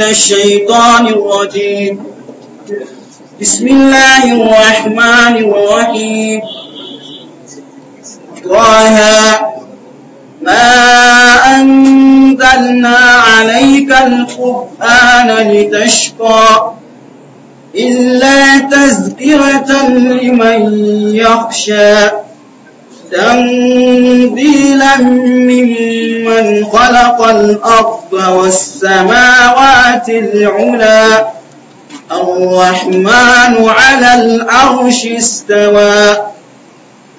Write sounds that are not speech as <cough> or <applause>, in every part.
من الشيطان الرجيم بسم الله الرحمن الرحيم طه ما أنزلنا عليك القرآن لتشقى إلا تذكرة لمن يخشى تنزيلا ممن خلق الأرض والسماوات العلا الرحمن على العرش استوى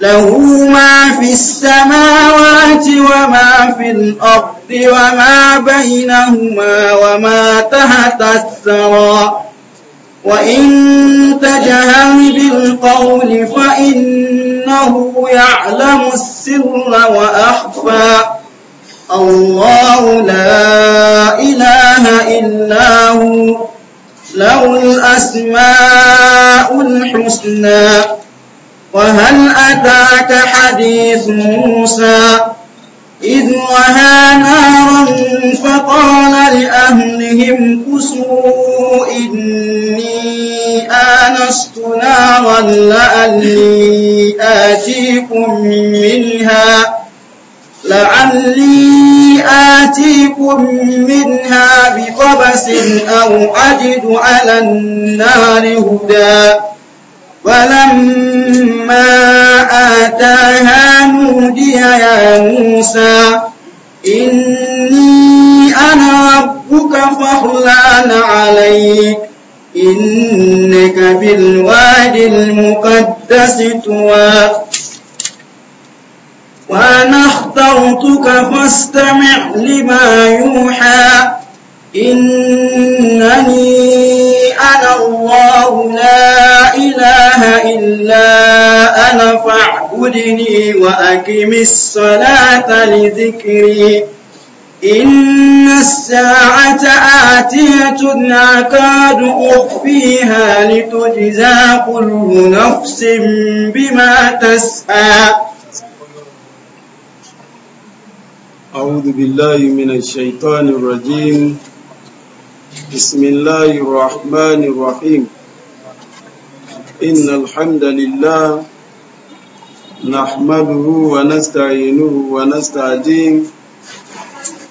له ما في السماوات وما في الأرض وما بينهما وما تحت الثرى وإن تجهل بالقول فإن إنه يعلم السر وأخفى الله لا إله إلا هو له الأسماء الحسنى وهل أتاك حديث موسى إذ وها نارا فقال لأهلهم كسوا إني آنست نارا لعلي آتيكم منها لعلي آتيكم منها بقبس أو أجد على النار هدى فلما آتاها نودي يا موسى إني أنا ربك فاخلعن عليك إنك بالواد المقدس توى وأنا اخترتك فاستمع لما يوحى إنني أنا الله لا إله إلا أنا فاعبدني وأقم الصلاة لذكري إن الساعة آتية أكاد أخفيها لتجزى كل نفس بما تسعى أعوذ بالله من الشيطان الرجيم بسم الله الرحمن الرحيم إن الحمد لله نحمده ونستعينه ونستعينه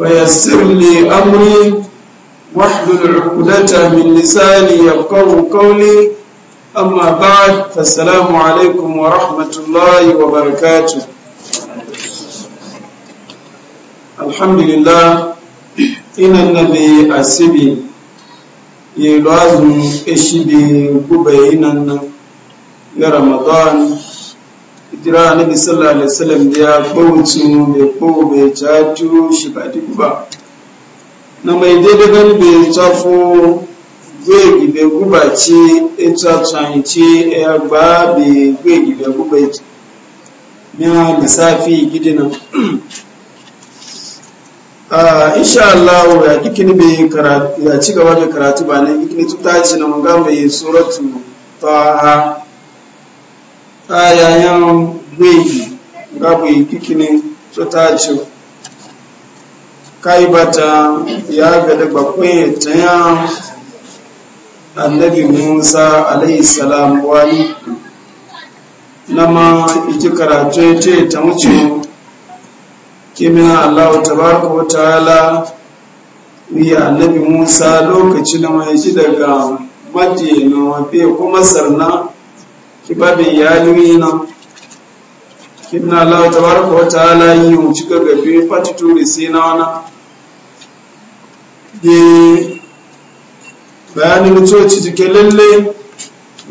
ويسر لي أمري واحلل عقدة من لساني يفقه قولي أما بعد فالسلام عليكم ورحمة الله وبركاته الحمد لله إن النبي أسبي يلازم إشبي قبينا لرمضان kira annabi sallallahu alaihi wasallam ya bauci mai ko mai jaju shi ba duk ba na mai daidai gani bai tafo gbegi bai guba ce ita tsanci ya gba bai gbegi bai guba ce miya lissafi gidina <clears throat> a ah, insha Allah ya kikini bai karatu ya ci gaba da karatu ba ne kikini tuta ci na mun ga mai suratu ta ayayen ah, nga gabu kikini so ta ci kai bata ya bakwai annabi musa alayhi salam wani nama iji karatu ite ta wuce kimina allahu tabaraka wa ta'ala wiya annabi musa lokaci na mai ji daga madina wafe kuma sarna kibabin yaluyi na inna Allah tabaraka wa ta'ala yi mu cika gabe fati turi sai na wana de bayanin mutoci jike lalle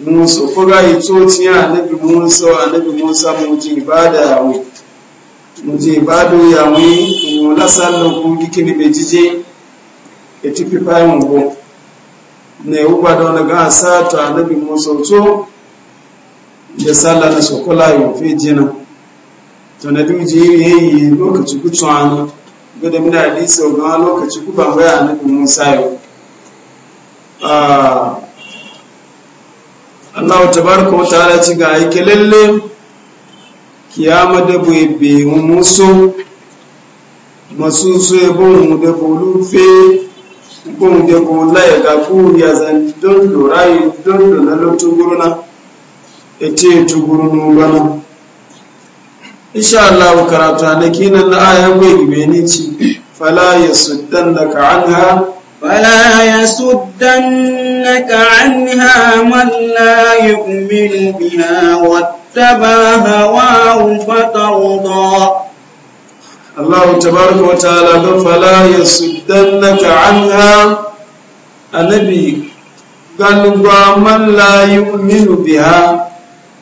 mu so fuga yi toci ya annabi Musa annabi Musa mu ji ibada ya mu mu ji ibada ya mu mu na sallu ku dikini be jije e tipi pa mu go ne u ba don ga sa ta annabi Musa to ya sallana sokola yi fi jinan to na duk jiri yi lokaci ku tsano gada muna isa ga lokaci ku ba waya annabi Musa yau ah Allah tabaraka wa ta'ala ci ga yake lalle kiyama da bai be mu muso masu so ya bon mu da fe bon da bola ya ga ku ya zan don do rai don do na lotu guruna ete tuguru nu bana insha Allah karatu na kinan na ayan bai gibe ni ci fala yasuddannaka anha fala yasuddannaka anha man la yu'minu biha wattaba hawahu fatarda Allah tabaraka wa ta'ala ga fala yasuddannaka anha annabi ganin ba man la yu'minu biha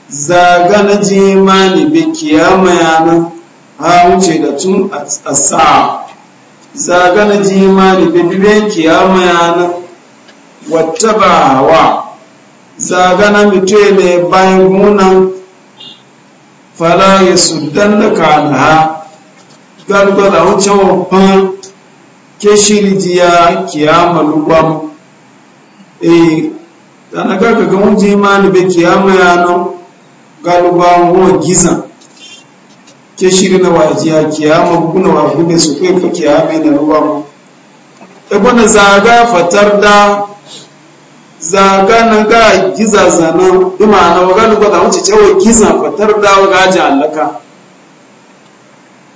zaga na je mani bi kiyama nan ha wuce da tun a sa'a zaga na je mani bi bi kiyama nan wata ba wa zaga na mutuwa ne bayan munan fala ya sudan da kanaha gargara wuce wabban ke shirjiya kiyama lugwam eh tana kaka ga wuje mani be kiyama nan galiba wa giza ke shiri na wajiya kiyama kuna wa gube su kai fa kiyama na ruwa mu e bona zaga fatar da zaga na ga giza zana ima e na wa galiba da wuce cewa giza fatar da wa gaji allaka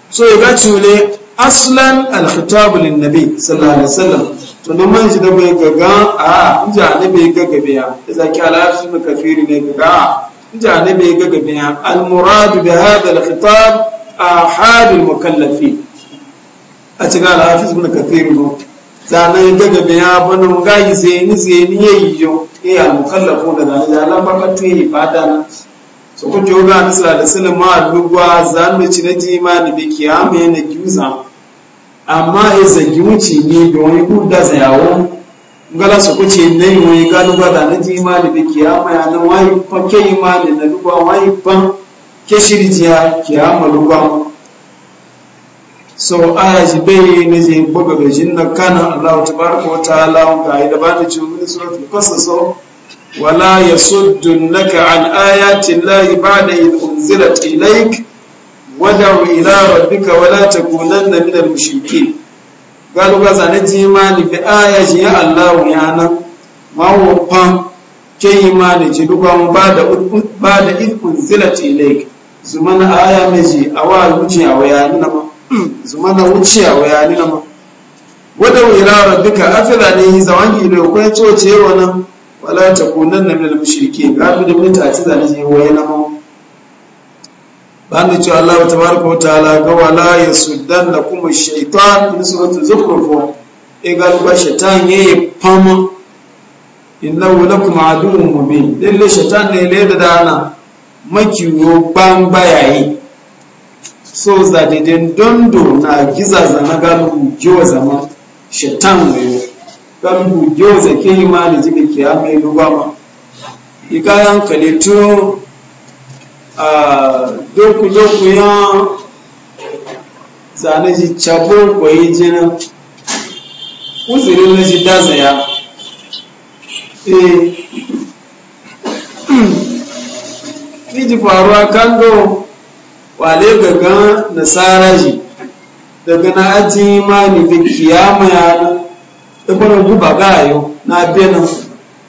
so ga cule aslan al-khitab lin-nabi sallallahu alaihi wasallam to nan man shi da bai gaga a inji annabi gaga biya da zaki alafi kafiri ne gaga janibe ga gabe ya almuradu da hada alkhitab ahad almukallafi a cikin alhafiz ibn kathir no zanen ga gabe ya bana ga yi sai ni sai ni yayi yo eh almukallafu da nan ya lan baka tu yi fada na so ko joga ni sala da sulma dugwa zan da cinaji imani da kiyama yana kiusa amma ya zagi wuce ne don yi da zayawo ngala su kuce na yi wani ba da na ji imani da kiyama ya nan wani fanke imani na luba wani fan ke shirjiya kiyama luba so aya ji bai na je buga gajin na kana allahu tabaraka wa ta'ala ga yi da ba da cikin suratul qasas wala yasuddunaka an ayati llahi ba'da idh unzilat ilayk wad'u ila rabbika wala takunanna minal mushrikin galuga zane jimani fi aya shi ya allahu ya nan mawo pan ke imani ji duka mu ba da ba da ikun zilati ilaik zumana aya mai ji awa wuce a wayani na ma <clears throat> zumana wuce a wayani na ma wadda wira rabbika afira ne zawangi ne ko ya coce wannan wala takunanna minal mushrikeen ga bi da mutaci zane ji wayana ma bani cewa Allah tabaraka wa ta'ala ga wala kuma shaitan in su wata zukurfo in e ga ba ya yayi fama innahu lakum aduwwun mubin lalle shaitan ne le da dana makiwo ban bayaye so za de den dondo na giza zana galu jiwa zama shaitan ne galu jiwa zake imani jibe ke ilu ba ma ikayan kalitu a doku-doku ya zane ji cabo koyi jina uzirin na ji daza ya eh <clears throat> ji faruwa kango wale gaga nasara ji daga na aji imani da kiyama ya da kwanan guba ayo na benin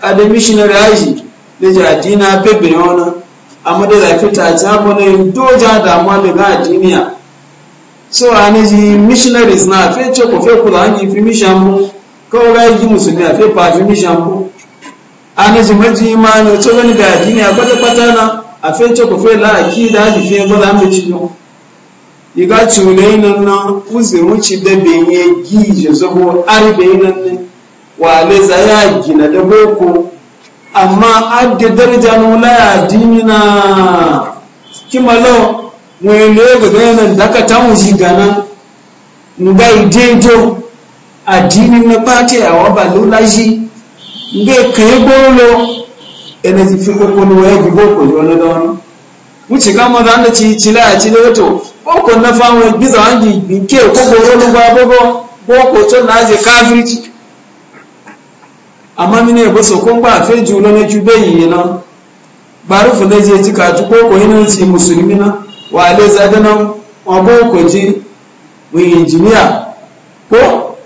adam missionary aji da ji na bebe yana amma da zafi ta ci haɓo na yin doja damuwa da ga duniya so a ji missionaries na fe ce ko fe kula hangi fi mission mu kawai ga musulmi a fe fa fi mission mu a ji maji imanu to ni ga duniya kwata na a fe ce ko fe la'aki da haji fiye gwada mai cikin iga tunai nan nan uzirin ci da benye gi je ari arbe nan ne wale za ya gina da boko amma adda daraja na wulaya dimina kimalo wele ga ganin da ka tamu shi gana nga idejo adini na pate awaba lulaji nge kayebolo energy fiko kono wa gibo ko yono wuce kama da ci cila a cile wato boko na famu gizo anji nke ko ba bobo boko to na je kafirci amma mini ya baso kun ba fe julo ne jube yi na rufu ne je ji kaji ko ko hinan ci musulmi na wa ale zada na wa ko ko ji mu injiniya ko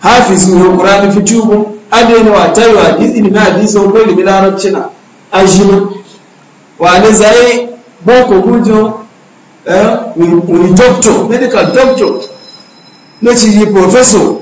hafiz ne qur'ani fitubu ade ne wa tayi wa dizini na hadisi ko ni bi larabci na ajima wa ale zai boko gujo eh we doctor medical doctor Ne ci professor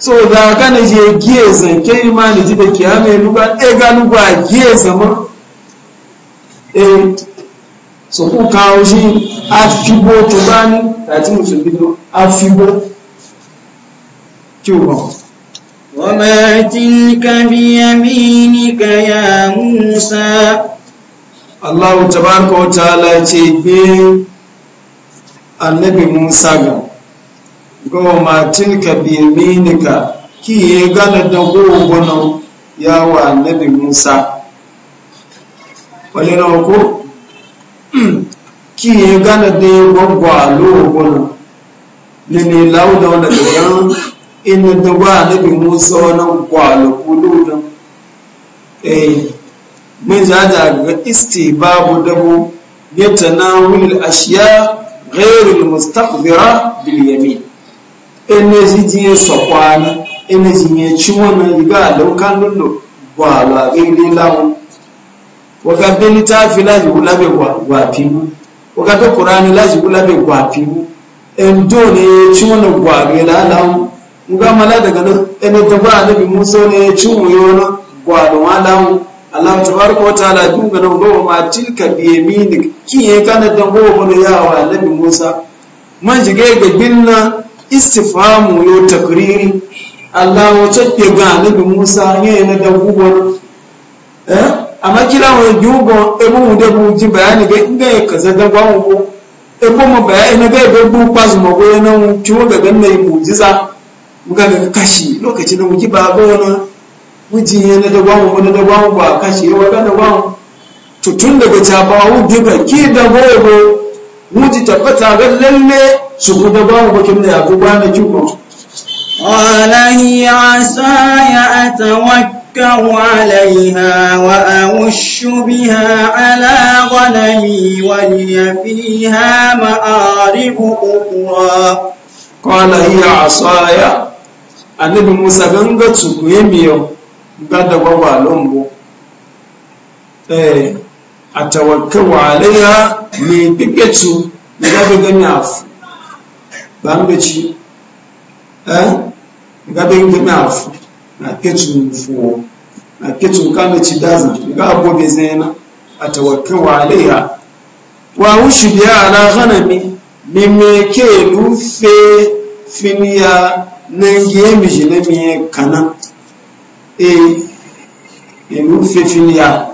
so da kana je giye zan kai ma ji da kiyama luga e ga luga giye zama e so ko kawo shi afibo to bani tati musulmi do afibo ki o وما تلك بيمينك يا موسى الله تبارك وتعالى تبين النبي musa قال goma tilka ka biyaminika ki ye gana da gogono ya wa nabi musa wani na ko ki ye gana da ya gwagwa lowa gono ne ne lauda wanda da yan ina da wa nabi musa wani gwalo ko loda eh mun zaja ga istibabu dabo yatanawil ashiya غير المستقبرة باليمين energy jiye sokwana energy nye chiwona iga da kandundo gwala gidi lawo waka beli ta fi laji gulabe gwafimu waka ta qur'ani laji gulabe gwafimu endo ne chiwona gwage la lawo nga mala daga nan ene da ba nabi musa ne chiwo yona gwalo malawo Allah tabaraka wa ta'ala dunga nan go ma tilka bi yaminik kiye kana da go mun yawa nabi musa man jige ga binna istifamu yo takriri Allah wato ke ga annabi Musa ne na da eh amma kila wa gubo e mu da mu ji bayani ga inda ya kaza da ba mu e mu bayani na ga ba bu kwazu mu go yana mu ki mu ga ganne mujiza mu ga kashi lokacin da mu ki ba ga muji da mu na da ba mu ba kashi wa da ba mu to tun daga ta ba ki da gogo muji tabbata ga lalle su guda ba mu bakin ne yaku ba kiko qala hiya asaya atawakkau alaiha wa awushu biha ala ghanami wa liya fiha ma'aribu ukhra qala hiya asaya annabi musa ganga tsukuye miyo gada gwagwalon eh a tawakkalu alaiha mai fiketu da gabe gani afu ba mu ci eh gabe gani afu na ketu fuwo na ketu kana ci dazu ga abobe zaina a tawakkalu alaiha wa wushidiya ala ghanami mimeke rufe finiya na yemi jinamiye kana e rufe finiya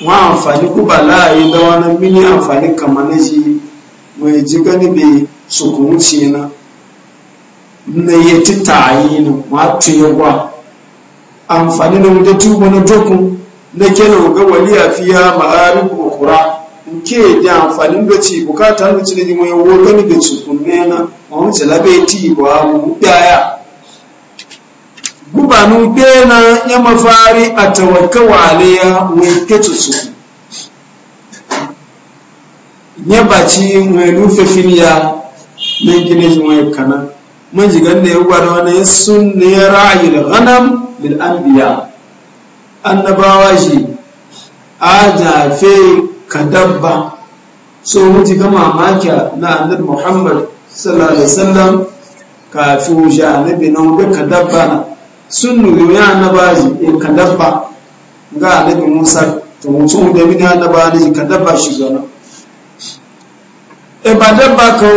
wa amfani kuba la'ayi da wani mini amfani kamar na shi mai ji gani bai sukunu ce na na yi ti ta'ayi na ma tuye gwa amfani na wuta tuba na dokun na kenan ga wali a fiya ma'arin kura nke da amfani da ci bukata hannu ci da ji mai wo gani bai sukunu na ma wuce labe ti ba mu daya gubanu bena ya mafari a tawakkawa alaiya wai ketusu ya baci mai rufe filiya na gine shi wai kana mun jigan da ya gwada wani ya sun ne ya ra'ayi da ganam lil anbiya annabawa shi a jafe ka dabba so mutu ga mamaki na annabi muhammad sallallahu alaihi wasallam kafin shi annabi na ga ka dabba na sun nuyo ya annabaji in eh, ka dabba ga annabi musa to mutu da mini ba ne ka dabba shi zana e ba dabba ka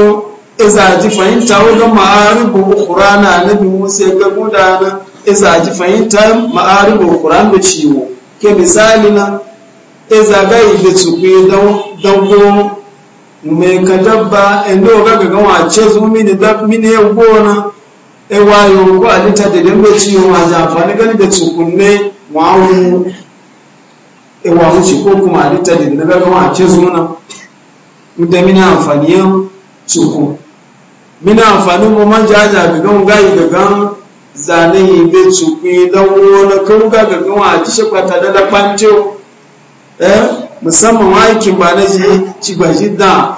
iza e ji fahimta wajen ma'aribu ukura na annabi musa ga gudana iza e ji fahimta ma'aribu ukura da ciwo ke misali na iza ga ibe tsukwe gomo mai ka dabba inda e ga ga wace zumi ne mini ya gona ewa yungu alita da dinga ciwo ma ji amfani da tsukunne tí ewa ní wà kuma alita ẹwà dinga ṣe a ce àdíta da mina amfani wà tsuku mina amfani mu tẹ́ mínà aja yẹn tí gayi mínà zane yi be tsuku dan wani ga ga gan eh, musamman ba na ji gbaji da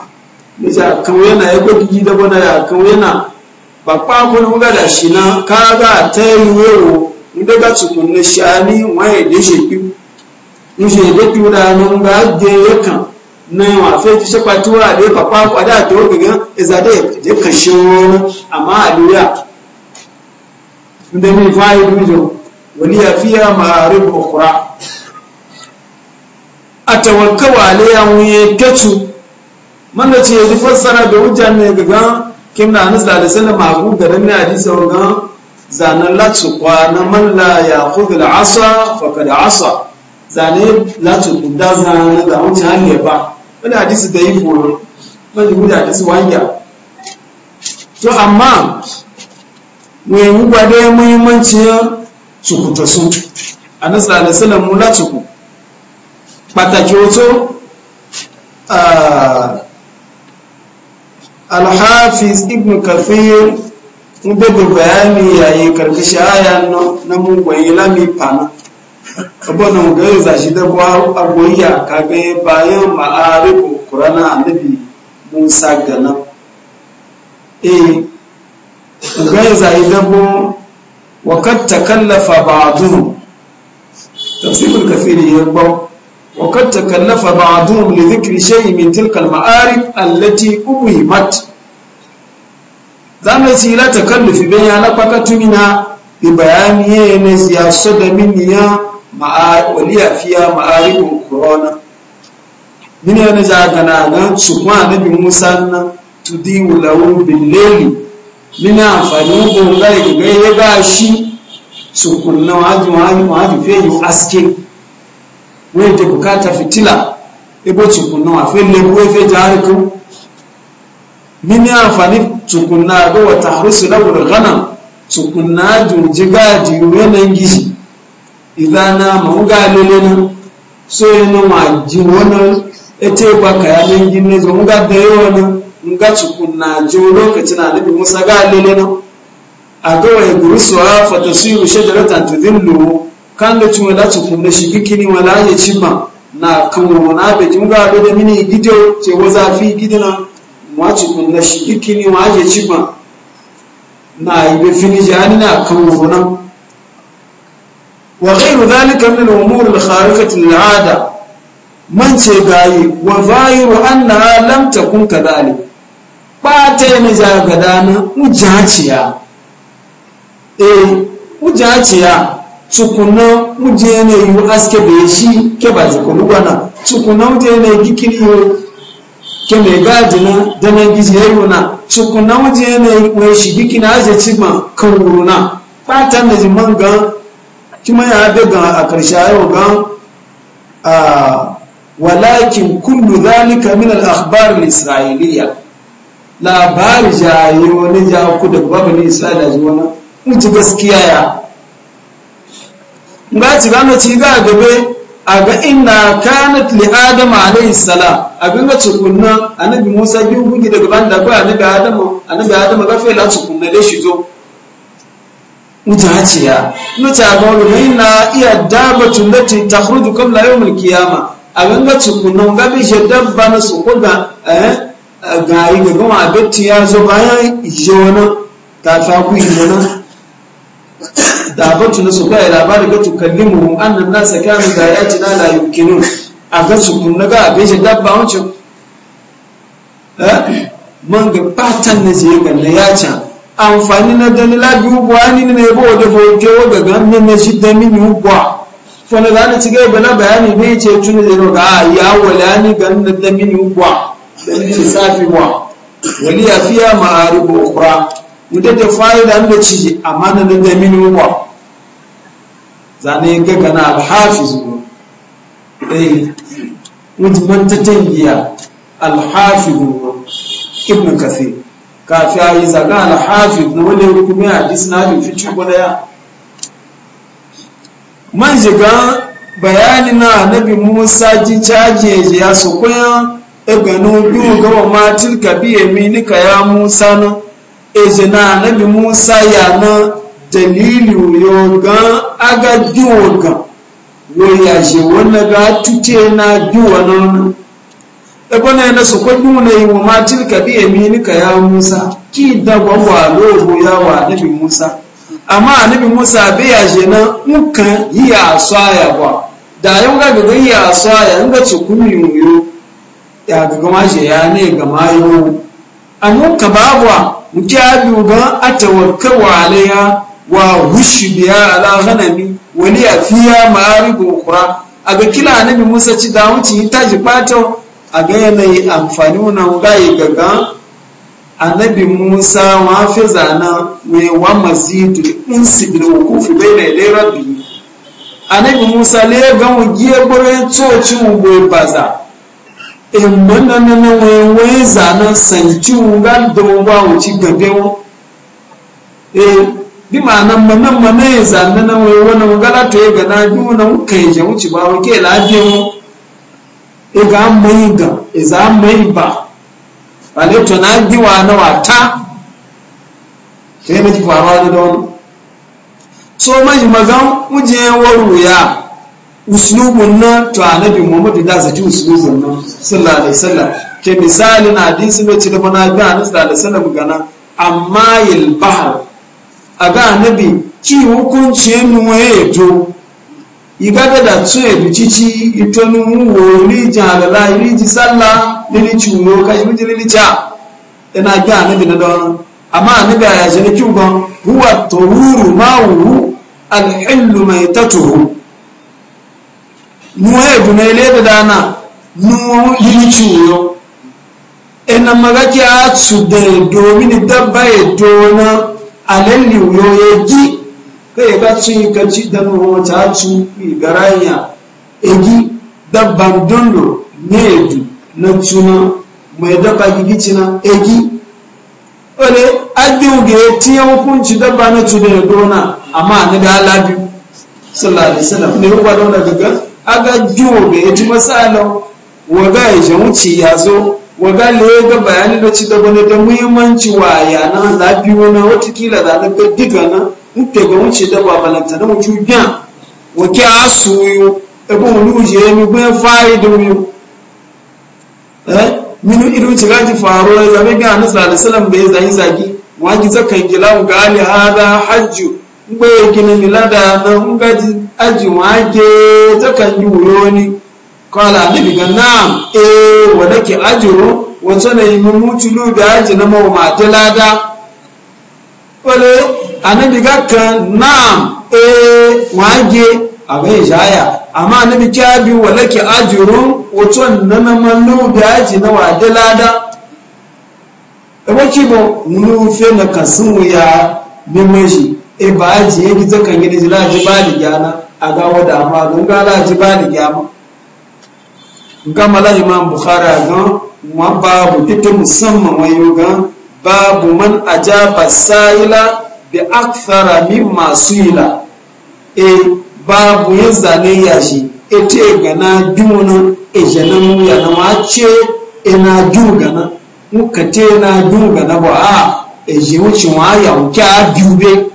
ya kauye da bana bakpa bulu da shi na ka ga ta yi wewo inda ga tukun na shani waye da shi biyu in shi da biyu da nan ga da ya na yawa fe ti se patuwa da bakpa kwa da to gaga izade je kan shi wani amma a duniya inda mai fa'i dujo wani ya fiya ma'arif ukhra atawakkawa alayya wuye kacu man da ce ya fassara da hujja ne kim na hannu sa da sana magu garin na hadisa wanga zanen latu na man la ya kudu da asa faka da asa zane latu da zane da wuce hanyar ba wani hadisi da yi foro wani gudu hadisi wanya to amma mai muba da ya muhimmanci ya cukuta su a nasa da sana mu latu pataki wato. alhafiz ibn kafir da da bayani yayin karkashi aya na mugwayi lami fana saboda mugayi zashi da buwa agoyiya kaga bayan ma'arifu kurana annabi musa gana eh mugayi zashi da buwa wa kad takallafa ba'duhum tafsirul kafir ya bawo وقد تكلف بعضهم لذكر شيء من تلك المعارك التي أوهمت zamu ci la takallufi bin ya lafaka tunina bi bayani yana ya sada min ya ma'a waliya fiya ma'arikul corona min yana ja gana ga su kuma nabi Musa na tudi wulawu billeli min amfani gonga ga ya gashi su kunna wajin wajin wajin aske wọ́n ti bukata fitila ebo tukun náà àfi lebu efe jaari kú nínú àǹfààní tukun náà gbọ́ wọ́n tàhírísì lọ́wọ́rọ̀ ghana tukun náà dùn jígáàdì wẹ́nàn gíjì ìdáná màúgà lélẹ́ náà so inú mà jí wọ́n náà ete ba kaya lengi ne zo nga da náà na nga tukun na náà lokacin na nabi musa ga lele na a ga wai guru suwa fa tasiru shajaratan tudillu kan da cin da su kuma shi kikini wala ya cimma na kan wana be kin ga da mini gido ce fi gidana ma ci kuma shi kikini wa ya cimma na yi be fini jani na kan wana wa ghayru dhalika min al-umur al-khariqati lil-'ada man ce gayi wa zahiru annaha lam takun kadhalik ba ta yi ja gadana mujaciya eh mujaciya tsukuna muje ne yi aske da shi ke ba zuku kuma gwana tsukuna muje ne gikini kiriyo ke mai gaji na dana gizi ya na tsukuna muje ne yi shi gikini aje cima ma kan wuruna fatan ji manga kuma ya daga a karshe yau ga a walakin kullu zalika min al-akhbar al-isra'iliyya labari jayo ne ya ku da babu ne da zuwa na mutu gaskiya ya nga ci ba ci ga gabe a ga inna kanat li adam alayhi salam abin ga cikunna annabi musa biyu gugi daga ban da ba annabi adam annabi adam ga la cikunna da shi zo mutaciya mutaga wani na iya dabatu lati takhruju qabla yawm al-qiyamah abin ga tukunna ga bi shi dabba na su kuga eh yi ga goma abin ya zo bayan yi wani ta ta ku ijo dabatu na su kai labari ga tukallimu annan sa kanu da ya ci na yukinu a ga su kun ga a shi dabba wancin eh? man ga patan na je ga na yaca amfani na dalila biyu buwa ni ne bo da boke ga ne na shi da mini buwa fana za ni cigaba bana bayani ne ce tuni da ga ah, ya wala ni ganin da mini buwa da ni safi buwa ya fiya ma'aribu ukra muda da fa'ida da ci amma na da mini wa zane ga kana alhafiz eh mujman alhafi alhafiz ibn kafe kafi yi zaga alhafi na rukumi a hadis na da cikin ko man shiga bayani na annabi Musa ji caji ya su koyan ebenu biyu gaba ma kabiye minika ya Musa na ezena anabi musa yana dalili yogan aga duwogan woya je wanda ga tuke na duwanan ebona yana su kwa na yi wa matil ka bi eminika ya musa ki dagwa wa lobo ya wa anabi musa amma anabi musa bai ya je na mukan yi a swaya ba da yau ga gaga yi a swaya in ga ci kuma yoyo ya gaga ma je ya ne ga ma yau amma ka babuwa nke abu ga wa hushi biya ala ghanami wani fiya ma'aribu ukura a ga kila anabi musa ci da wuce yi taji bata a ga yanayi amfani na gaye gaga anabi musa wa fi zana mai wa mazidu insi bil wukufi bayna ilay rabbi annabi musa le ga mu giye gore tsoci mu baza egbona nana wee wee zana sanjiwu ga dowa wuci gabewo eh bi ma'ana mana mana ya zana na wee wani gala to ya gana bi wani muka yi wuci ba wuke lafiyawo e ga mai ga ba ale to na giwa na wata sai na ji faruwa da wani so mai magan muje waru ya uslubun nan to annabi muhammadu da zaci uslubun nan sallallahu alaihi wasallam ke misalin hadisi na ci da mana ga annabi sallallahu alaihi wasallam gana amma yil bahar aga annabi ki hukunci nu waye to igada da tun ebi cici itonu wo ni jalala iri ji sallah lili ci wo ka ibi lili ja. ina e ga annabi na don amma annabi ya jini ki gon huwa tuhuru ma hu al-ilmu maitatuhu muwe dunele da dana nu yini ciwo ina magaki a su da domin dabba ya dona alalli wuyo ya ji kai ga cin ka ci da nuhu ta su garanya egi dabban dondo ne edu na tuna mai dabba gigicina egi ole adiuge tinye hukunci dabba na tuna ya dona amma ni da alabi sallallahu alaihi wasallam ne ba don daga aga gyobe ya ji matsalau waga ya ji wuce ya zo waga le ya ga bayani da ci gaba ne da muhimmanci na yana za biyu na watakila za na ga diga na nke ga wuce da babalanta na tana gyan wake waki asu ebe wani wuce ya mi gwen fari da wuyo eh, minu ido ci gaji faro ya zabe ga na sallallahu da ya zaki-zaki. zagi wani zakan gila ga hada hajju ngbe gina milada na ngaji aji wake takan yi wuro ni kwala nabi ga na'am eh wa nake ajiro wace na yi mummuci lobe aji na mawa lada wale annabi ga kan na'am eh wage abin shaya amma annabi kya bi wa nake ajiro wace na na mallobe aji na wade lada ebe kibo nufe na kasin wuya shi e ba aji ya bi takan yi da jira ji ba da gyana a gawo da amma don gala ji ba da gyama gama la imam bukhari a gan wa babu ita musamman wani gan babu man ajaba sa'ila bi akthara masu yila e babu yin zane ya e te gana juna e janan ya na wace gana e jugana muka te na gana ba a e ji wucin waya wuce a biyu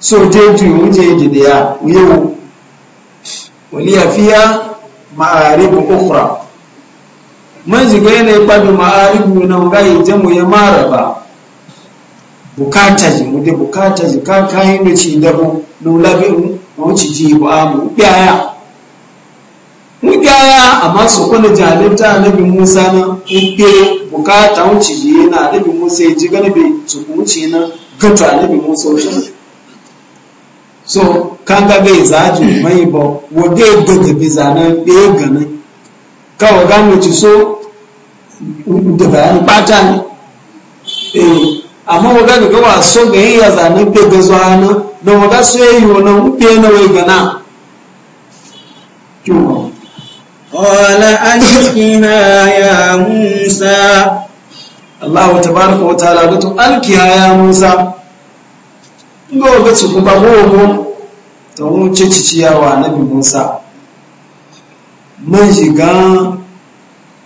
so wuce muje jidiya yau waliya fiya ma'aribu ukhra man jiga yana yi kwado ma'aribu na gayi jamu ya mara ba bukata ji mu da bukata ji ka kayan da ci dabo na na wuce ji ba mu biya mugaya amma su kwana jalinta bi musa na uke bukata wuce ji yana bi musa ya ji ganabe su wuce na gato annabi musa wuce so kanga bai zaji mai ba wode daga bizana ɗaya ganin kawai gano ci so da bayan ne eh, amma waga ga gawa so ga yi zane bai ga zuwa nan na so ya yi wani uɓe na wai gana قال ألقنا يا موسى الله تبارك وتعالى قلت ألقها ya musa. inda wanda su kuma gogo ta wuce ciciyawa na bi musa man shiga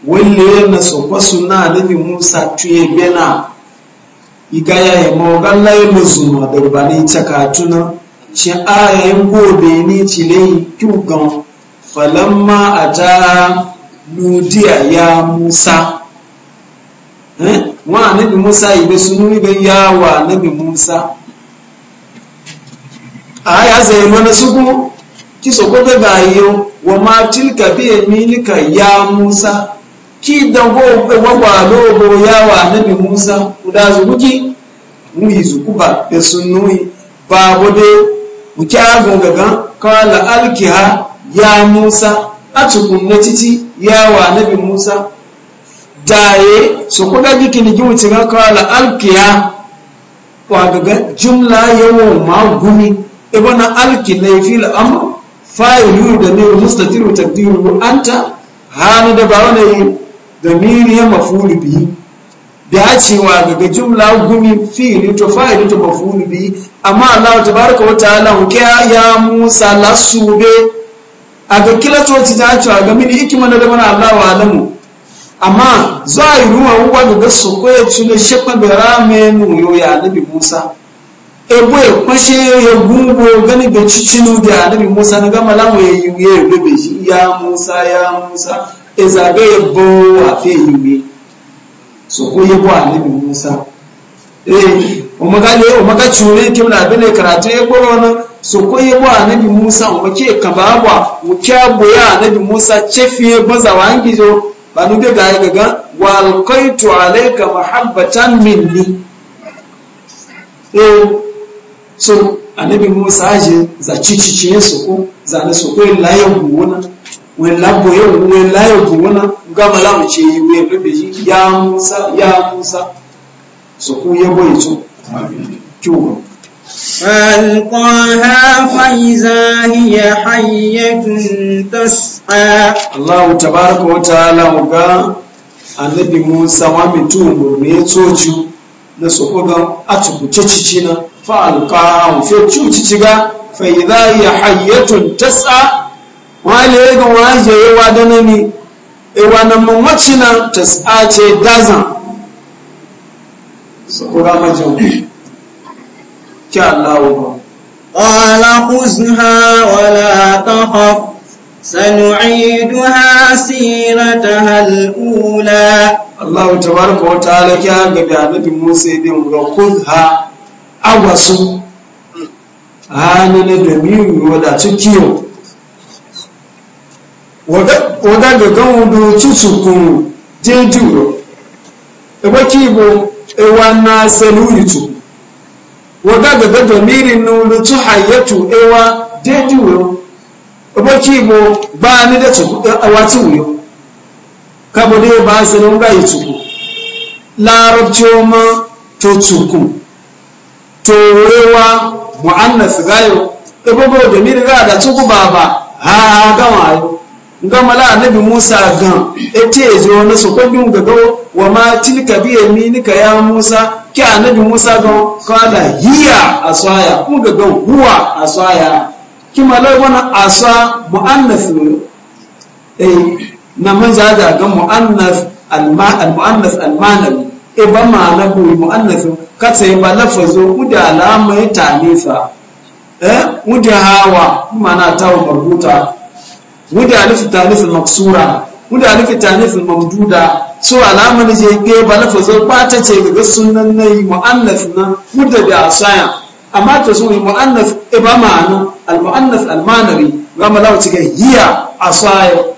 wale na sokwa suna na bi musa tuye bena igaya ya mawagan layi mazuma da rubani cakatuna shi ayayin gobe ni cile kyugan falamma a ta nudiya ya musa eh? wa nabi musa ibe sunu ibe yawa nabi musa aya zai mana suku ki so ko be bayo wa ma tilka bi yaminika ya musa ki dan go be wa wa do go ya wa nabi musa kuda zuki mu yi zukuba be sunnui ba bode mu kya go gaga kala alkiha ya musa atukun na titi ya wa nabi musa daye su kuda jiki ni gimu ga kala alkiha? wa gaga jumla yawon magumi ibana alki na fil amr fa'ilu da ne mustatiru taqdiru anta hanu da ba wani damiri ya mafulu bihi da cewa daga jumla gumi fi'li to fa'ilu to mafulu bihi amma Allah tabaraka wa ta'ala ke ya Musa lasube aga kila to ci ta cewa ga mini da bana Allah wa alamu amma zai ruwa uwa daga su ko ya tune shefa da rame mu yo ya nabi Musa ebo ekweshe yegumbo gani becicinu da nabi musa na gama lamu yeyiwe bebeji ya musa ya musa ezaga yebo afe yiwe so ko yebo nabi musa eh maka omagachure kim na bene karatu gboro wana so ko yebo nabi musa omake kababwa mukyabo ya nabi musa chefiye baza wangizo banube ga gaga walqaitu alayka mahabbatan minni eh so annabi musa aje za cicici ya soko za na soko ya e layo buwana wani labo ya e wani layo buwana gama lamu ce yi wuyan rabe ji ya musa ya musa soko ya boye to kyuwa فألقاها فإذا هي حية تسعى الله تبارك وتعالى وقال النبي موسى فألقاه في ya فإذا هي حية تسعى wale ga waje yawa da nani ewa na mamaci nan ta tsace dazan su kura ki Allah ba qala khuzha wa la takhaf sanu'iduha sirataha al-ula Allah tabaraka wa ta'ala ki ga da Musa din agwa agwasu hannu na domin wadatun kiyo wadagagan wudu tutukun jejuro ebe kibo ewa na seluritu wadagagan domin wudu tuhayyatu ewa jejuro ebe kibo ba ni da awati wuyo kabo dai ba sanin ga yi tuku larabci ma to tukun towewa mu'annas gayo ɗabogo da mirga da ba baba ha gama yau gama la annabi musa gan ete je wani su kwabin gago wa ma tilka biya minika ya musa ki annabi musa gan kala hiya aswaya kun gago huwa aswaya ki malai wani asa mu'annas ne eh na manza da gan mu'annas al-mu'annas al-manawi iba ma'ana ma na kata e ba lafazo kuda alama ya tanifa eh muda hawa kuma na tawo marbuta muda alif tanif maksura muda alif tanif mamduda so alama ne je ke ba lafazo ba ta ce ga sunan nayi mu'annas na muda da asaya amma ta so mu'annas iba ma'ana al mu'annas al manari ga malawa ce hiya asaya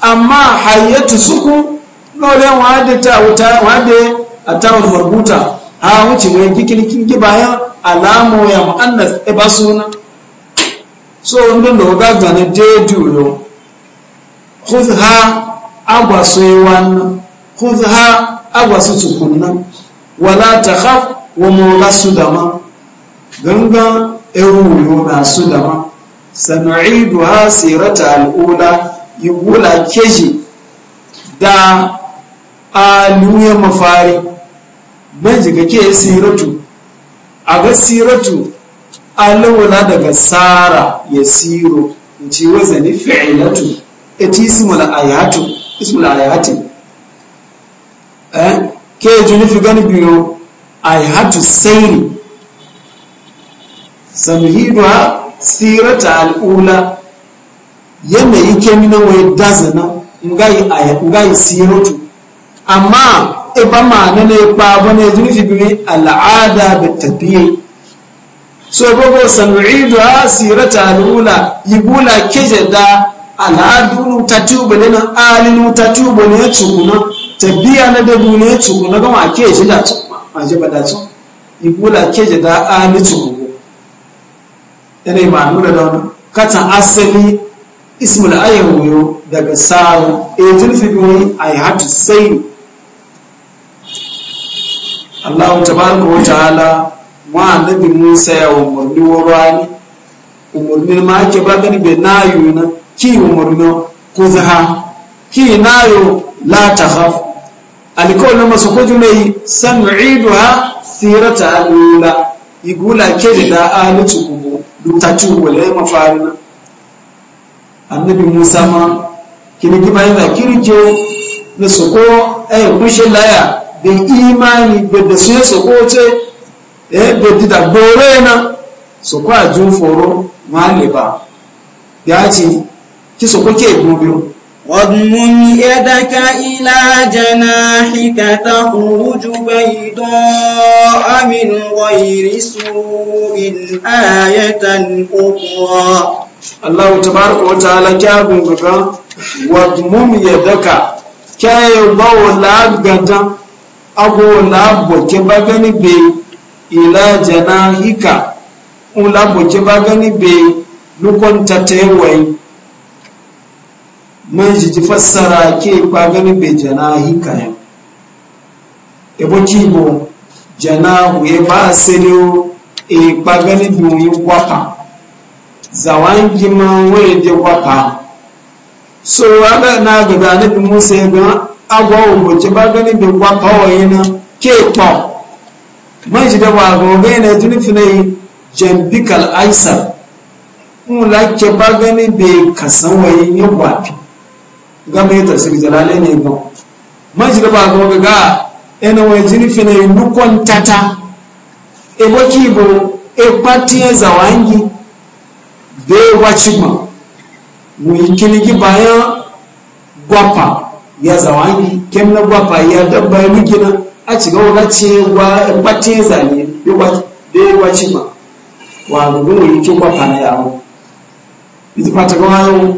amma hayyatu suku kolen wade ta wuta wade atawa marbuta ha wuce mai kikin kin giba ya alamo ya muannas e basuna so ndin do ga jane de duro khudha agwasoi wan khudha agwasu tukunna wala takhaf wa mawlasudama ganga ewu yo na sudama sanu'idu ha sirata al'ula yugula keji da alu mafari man jiga ke siratu a ga siratu alawala daga sara ya siro ci ni fi'ilatu eti ismul ayatu ismul ayati eh ke ji fi gani biyo ayatu sayri samhiduha sirata al'ula yanayi kemina wai dazana ngayi ayatu ngai siratu amma iba ma'ana ne ba bane zunufi bi al'ada da tafiye so gogo sanu'idu ha sirata al'ula yibula keje da al'adunu ta tubu ne na alinu ta tubu ne tukuna tabiya na dabu ne tukuna gama ma keje da tukuna a je ba da tukuna yibula keje da ali tukuna yanayi ma nuna da wani katan asali ismul ayyawo daga sawu e zulfi bi wani ayhatu sayyi Allah tabaraka wa ta'ala wa annabi Musa ya umarni wa rani umarni ma ke ba gani be nayu na ki umarni ko zaha ki nayo la takhaf alikaw na masu ko sam'iduha sirata alula igula ke da alutu kubo lutatu wala mafarina annabi Musa ma kini kibayin da kirke na soko ay kushin laya da imani da su yi sakoce ya eh, yi da gore na su kwa jin foro mali ba ya ce ki su kuke gobe wadmun yadaka ila janahika ta huruju bai amin wairi su in ayatan kokowa Allah ta bar kota alaƙiya gungun wadmun yadaka kyayyar bawon la'agantar ago laboke bagani be ila jana hika un laboke bagani be lukon tatewai man ji fassara ke bagani be jana hika ya ebo kibo jana ya ba selio e bagani yi wapa zawangi ma wai de wapa so wada na ga da bi musa ya ga agwa ogbo ce ba gani bai kwa yi na ke kwa man shi da ba gobe yana tuni finai jambikal aisar mun lake ba gani bai kasan waye ya kwafi gama ya tafsir jalalai ne ga man shi da ba gobe ga yana waye jini finai nukon tata ebo kibo ekpatiye zawangi bai wacima mu ki kiligi bayan gwapa ya zawangi kem na gwa fa ya dabba ya mugina a ci gawo na ce gwa kwatin zane bai gwa ci ma wa gugun yi ki gwa fa na yawo ita fata gawa yau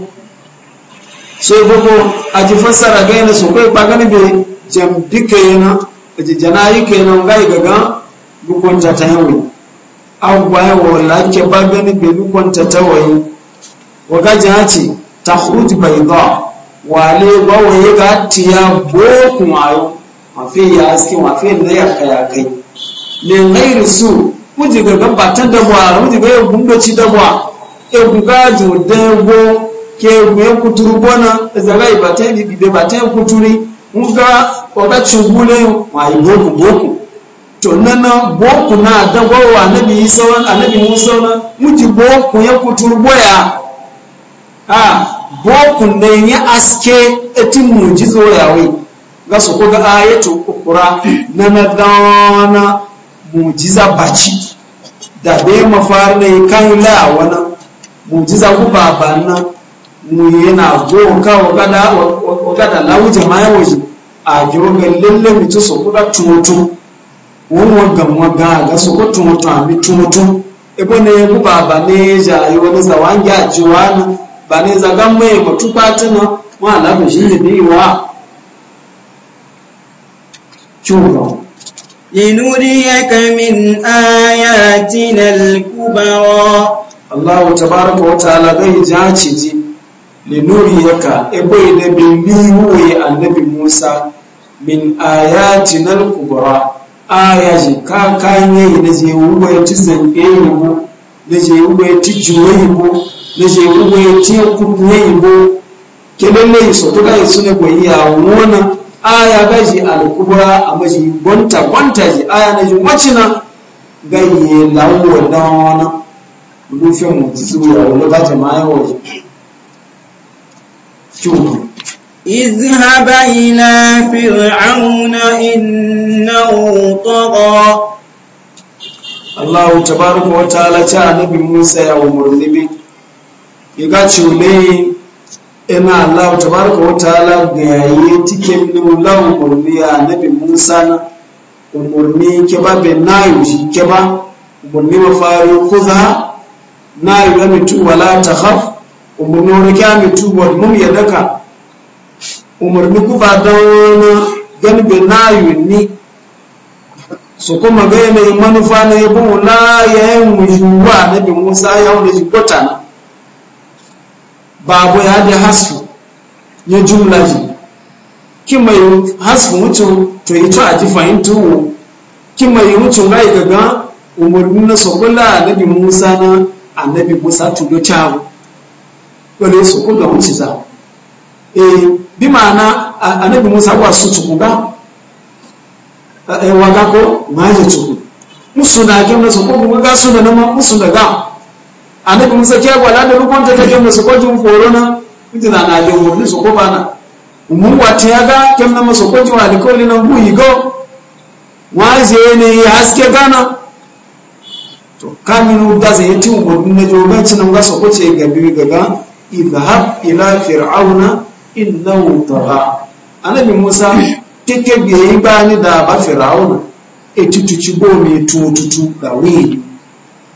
so gogo a ji fassara gaina su kai bagani bai jam dika yana a ji janayi kenan gai gaga gukun ta ta yawon agwa yawon lake bagani bai gukun ta ta wayo wa gaji ha ce ta hudu bai gawa wale gwawaye ga tiya boku mayo mafi ya haske mafi da ya kaya kai ne mai su kuji ga gabatan da buwa kuji ga yau gundoci da buwa e guga jodago ke guye kuturu bona e zaga ibatan ni bibe batan kuturi nga oga chungule wai boku boku to nana boku na da gwawa annabi isa annabi musa na muji boku ya kuturu boya ah bokun nan ya aske etin mujizo yawe ga su kuga ayatu ukura na nadana mujiza baci da bai mafari ne kan lawa na mujiza ku baba mu yana goka wakada wakada lawu jama'a waje a jogan lalle mutu su kuga tuwoto wani wagan waga ga su kuga tuwoto a mi tuwoto ebe ne ku baba ne ya jayi wani zawangi a jiwa na bani zagan mai ko tupati no wa la ko shi ne wa chugo linuriyaka min ayatina al-kubra Allah tabaraka wa ta'ala bai jaci ji linuriyaka e bai da bi niwuye annabi Musa min ayatina al aya ji ka kan yayi da je wuwe tizan eyi ko da je wuwe tijuwe ko na shekubu ya ce na ibo kenan na iso to kai suna goyi a wannan aya gaji alkubra a maji gwanta gwanta ji aya na ji wacina ganye lawo wannan wannan rufin mutu ya wani ba iga cule ina Allah tabaraka wa ta'ala gaye ni nulan murniya nabi Musa na umurni ke ba be nayu shi ke ba umurni wa faru kuza nayu ga mitu wala takhaf umurni wa ka mitu wa mum ya daka umurni ku ba na gan be nayu ni so kuma ga ne manufa ne bu la ya yi mujuwa nabi Musa ya wuce shi kotana babu ya da hasfu ya jumla ji ki mai hasfu mutum to yi ta a ji fahimtu ki mai mutum rai gaga umarni na sokola annabi musa na annabi musa tudo cawo wani soko ga wuce za eh bi ma'ana annabi musa ba su tukuga eh, waga ko ma ya tuku musu na gina soko kuma ga su da nama musu da ga annabi musa ke gwala da rukun ta take mu su ko jin na na da wani su ko bana mun wata ya ga kem na masu ko jin alikoli bu igo waze ne ya haske gana to kamin da zai yi tin gudun na jogan cinan ga su ko ga biyu gaga idhab ila fir'auna innahu tagha annabi musa kike bi yi bani da ba fir'auna e tutuci bo mi tututu da wii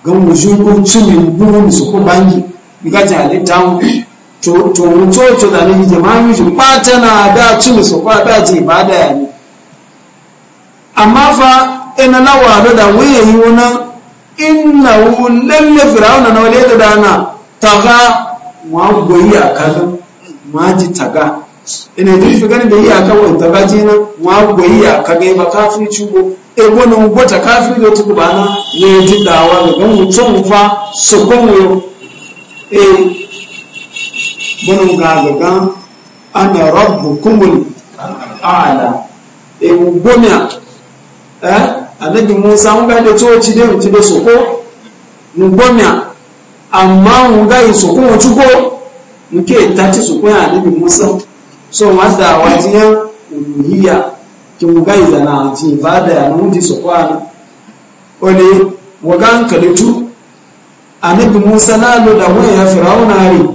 gan wujubun tumin buhun su ku bangi ga jalitan to mutu to da ni jama'i shi ba na da tumi su kwa da ji ba da yani amma fa ina na wado da wuya yi wuna inna hu lalle firawuna na wale da dana taga ma goyi a kaza ma ji taga ina ji fi ganin da iyaka wanda ba ji na wa ko iyaka ga ba kafin cubo e gona gota kafin da tuku ba na ne ji dawa ga gan mutum fa su kuma yo e gona ga ga gan ana rabbukum ala e gona eh annabi Musa mun ga da coci da mutum da su ko mun gona amma mun ga su ko mutuko muke tati su ko annabi Musa so masu da wajiya uluhiyya kin ga izana ji da ya nuji su kwana ole wagan kalitu anabi musa na lo da wani ya firawuna ne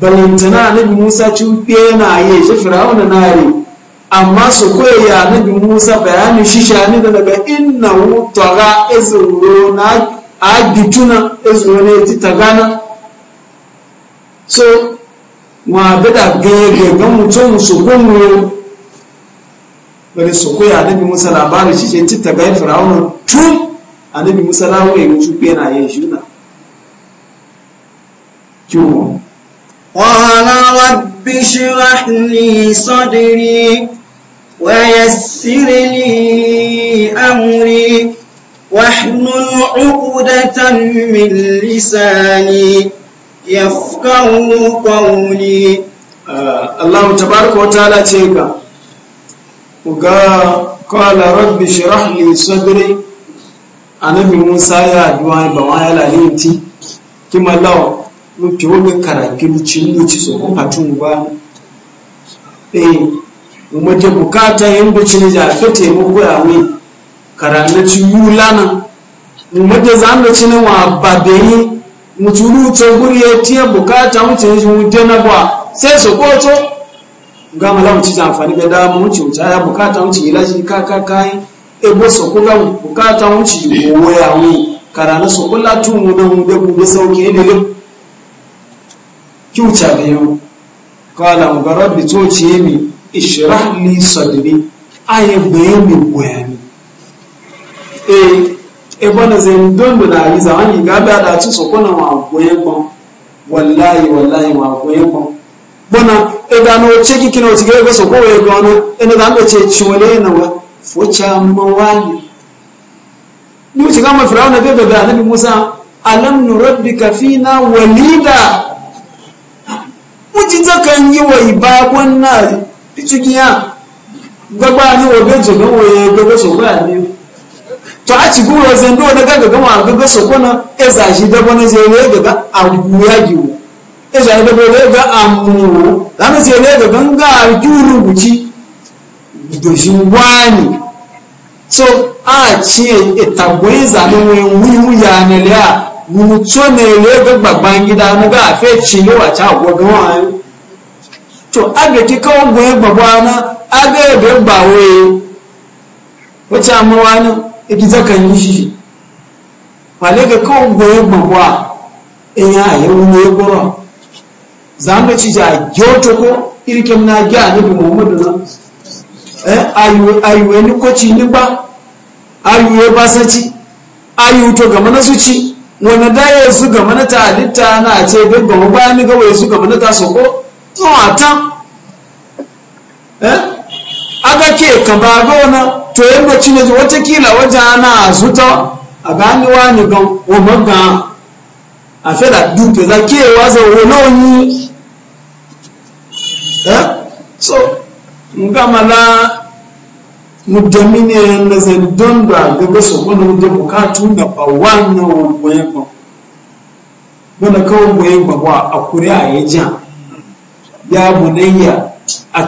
balantana anabi musa cuɗe na yi shi firawuna na ne amma su koya ya anabi musa bayanin shi shani da daga inna wutaga ezuro na agituna ezuro ne ti tagana so wọn abẹ́dà gẹ́gẹ́ gan mutum sokon mu bari soko ya anabi musa labari shi ce titta gai firawuna tun anabi musa lawo ya mutu pena ya shi na kiwo قال رب اشرح لي صدري ويسر لي أمري واحلل عقدة من لساني yafqahu qawli Allah tabaaraka wa ta'ala ce ka ga qala rabbi shrah li sadri anabi Musa ya addu'a ba wa ya lalinti mu ki wani karakin cinu ci so ko hatun ba eh mu ta bukata yin bucin ja ta taimako ya mu ci yulana mu ta ci ne wa babeyi mutulu tsoguri ya tiya bukata mutum shi wuce na ba sai su koto ga mala mutum ta amfani da dama mutum wuce ya bukata mutum ila shi kaka kai ebo su kula bukata mutum gowo ya wu karana su kula tumu da mu da gobe sauki ne lip kyuta da yau kala mu garabbi to ce mi ishrah li sadri ayi bayani bayani eh ebona ndondo na aliza wani gabe ada tu sokona wa gwebo wallahi wallahi wa gwebo bona edano cheki kino tigebe sokowe edano ene dando che chiwele na wa focha mawali ni uchi kama firauna bebe bebe anabi musa alam nurabbika fina walida mujinza kan yi wa ibabon na tugiya gaba ni wa bejo ga ya gaba so ba ni to a ci ọzọ ndị na gaga gama a gaga so na je ne gaga a guya giwo e za dabo ne ga a mu da na je ne ga ganga a juru guci do shi wani so a ci e, e wuyu ya ne le a mutu ne ga gida na ga fe ci a to a ga ti kawo gwe gbagwana a ga e be igi zaka yi shi wale ga kawai goyon gbagwa in ya yi wani ya gora za mu ci ja gyoto ko irkin na gya ne bi muhammadu na eh, ayuwe ni kwaci ni ba ayuwe ba sa ci ayu to gama na su ci wani daya su gama na ta halitta na ce bai gama bayan ni gawaye su gama na ta soko tsawa ta eh? ke ka ba na to yadda cina ji watakila wajen ana zuta a gani wani gan omaga a da dupe da ke waza wani eh? so nga mala mudamine na zai don da ga su wani wajen bukatu na bawan na wani wani kawai goyi gbawa a kuri a yajan ya bunayya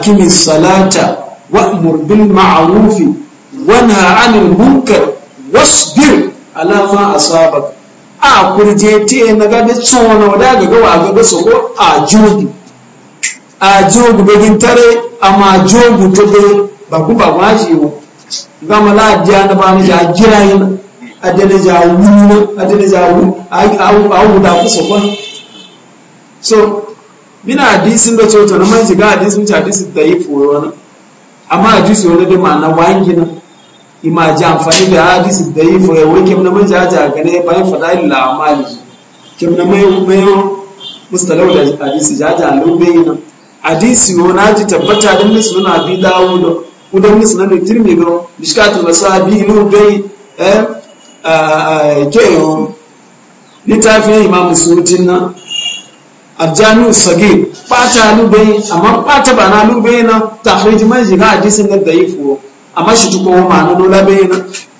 kini salata وأمر بالمعروف ونهى عن المنكر واصبر على ما أصابك a kurjete na gabe tsona wada ga gawa gaba su ko a jogu a jogu begin tare amma jogu to be ba ku ba ma ji wo ga mala ja na ba ni ja jira yin adana ja wuru adana ja wuru a wu da ku so so da na ji ga hadisin ta yi amma hadisi wani da ma'ana wangi ima ji amfani da hadisi da yi fa yawai kim na manja ta gane bayan fada illa amali kim na mai mai mustalau da hadisi ja ja lumbe nan hadisi wani ji tabbata dan misu na bi dawud kudan misu na tirmi go bishkatu masabi lumbe eh, eh, eh ke littafin imam sutin na. الجامع الصغير باتا لوبي اما باتا بنا لوبينا تخريج ما يجي حديث ضعيف اما شي تكو ما نو لابينا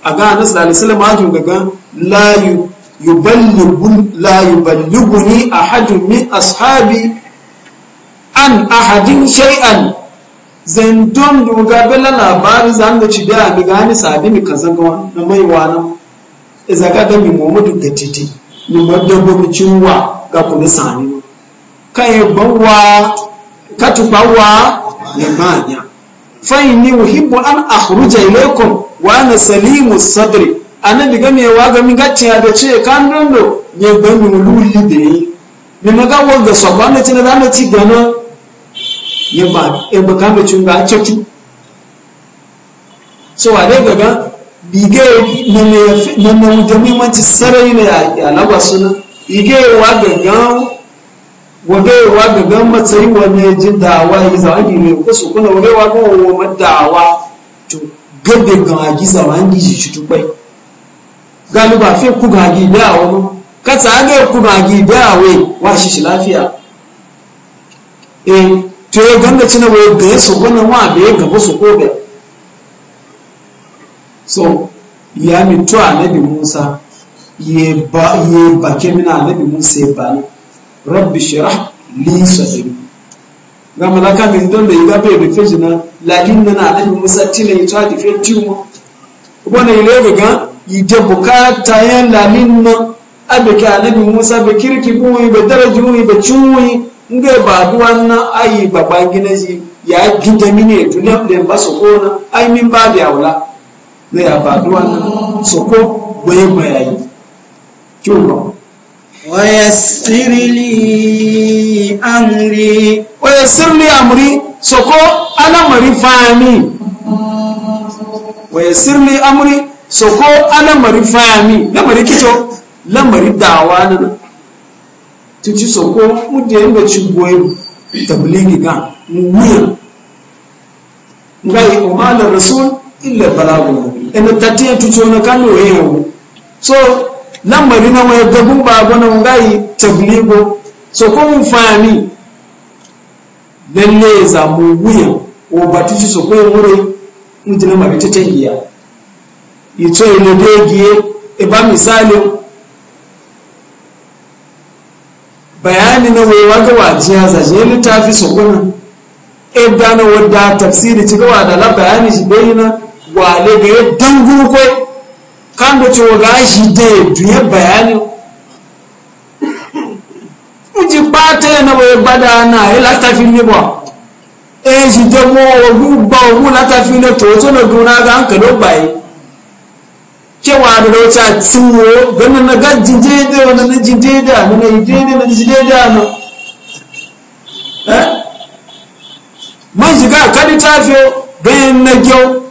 اغا انس عليه السلام اجو غا لا يبلغ لا يبلغني احد من اصحابي an ahadin shay'an zandon doga bela labari zan da ci da ga gani sabi mi kaza ga na mai wana iza da mi da titi ni madda go ciwa ga kuma sani kai bawa katubawa yamanya fa inni uhibbu an akhruja ilaykum wa ana salimu sadri annabi game wa ga min gacciya da ce kan dondo ne gami ni maga wanda sabana tina da gana ya ba e so bige mu ne a suna wa wagewa ga gan matsayi wanne ji dawa yi zawangi ne ko su kuna wagewa ga wa madawa to gabe ga gi zawangi shi shi tubai ba fi ku ga gi da wa kasa ga ku ga gi da wa wa shi shi lafiya eh to ya ganga cina wa ga su kuna wa be ga su ko be so ya mi a Nabi Musa ya ba ye ba kemina annabi Musa ya bani. rabbi shirah li sadri ga malaka min don da yiga be fe jina lakin nana annabi musa tile ta di fe tiwo bona ile ga yide bukata yan lamin na abe ke annabi musa be kirki buwi be daraji buwi be cuwi nge ba duwan na ayi baba gina ji ya gida mini dunya da ba su kona ai min ba da aula ne ya ba duwan na soko goyen bayayi kyau ويسر لي أمري ويسر لي أمري سوكو أنا مري فامي ويسر لي أمري سوكو أنا مري فامي لا مري كيشو لا مري دعوانا تجي سوكو مدين بتشبوي تبليغي كان مويا ngai umala rasul illa balaghu ene tatia tuchona kanu yeo so lamari na wani gagun ba gwana ngayi tabligo so ko mun fami lalle za mu wuya o batuci so ko mure mutune ma bitete giya yitso ile degiye e ba misali bayani na wewa ga wajiya za je littafi so gwana e da na wadda tafsiri ci ga wada la bayani shi bayina wale ga dangu ko kan da cewa gashi da duye bayani uji pata yana bai bada na yi latafi ne ba e shi da mo ba latafi ne to so na duna ga an kalo baye cewa da rauta tuwo ganin na ga jinde da wani na jinde da na na yi eh? daidai na jinde da na man shiga kan tafiyo bayan na gyau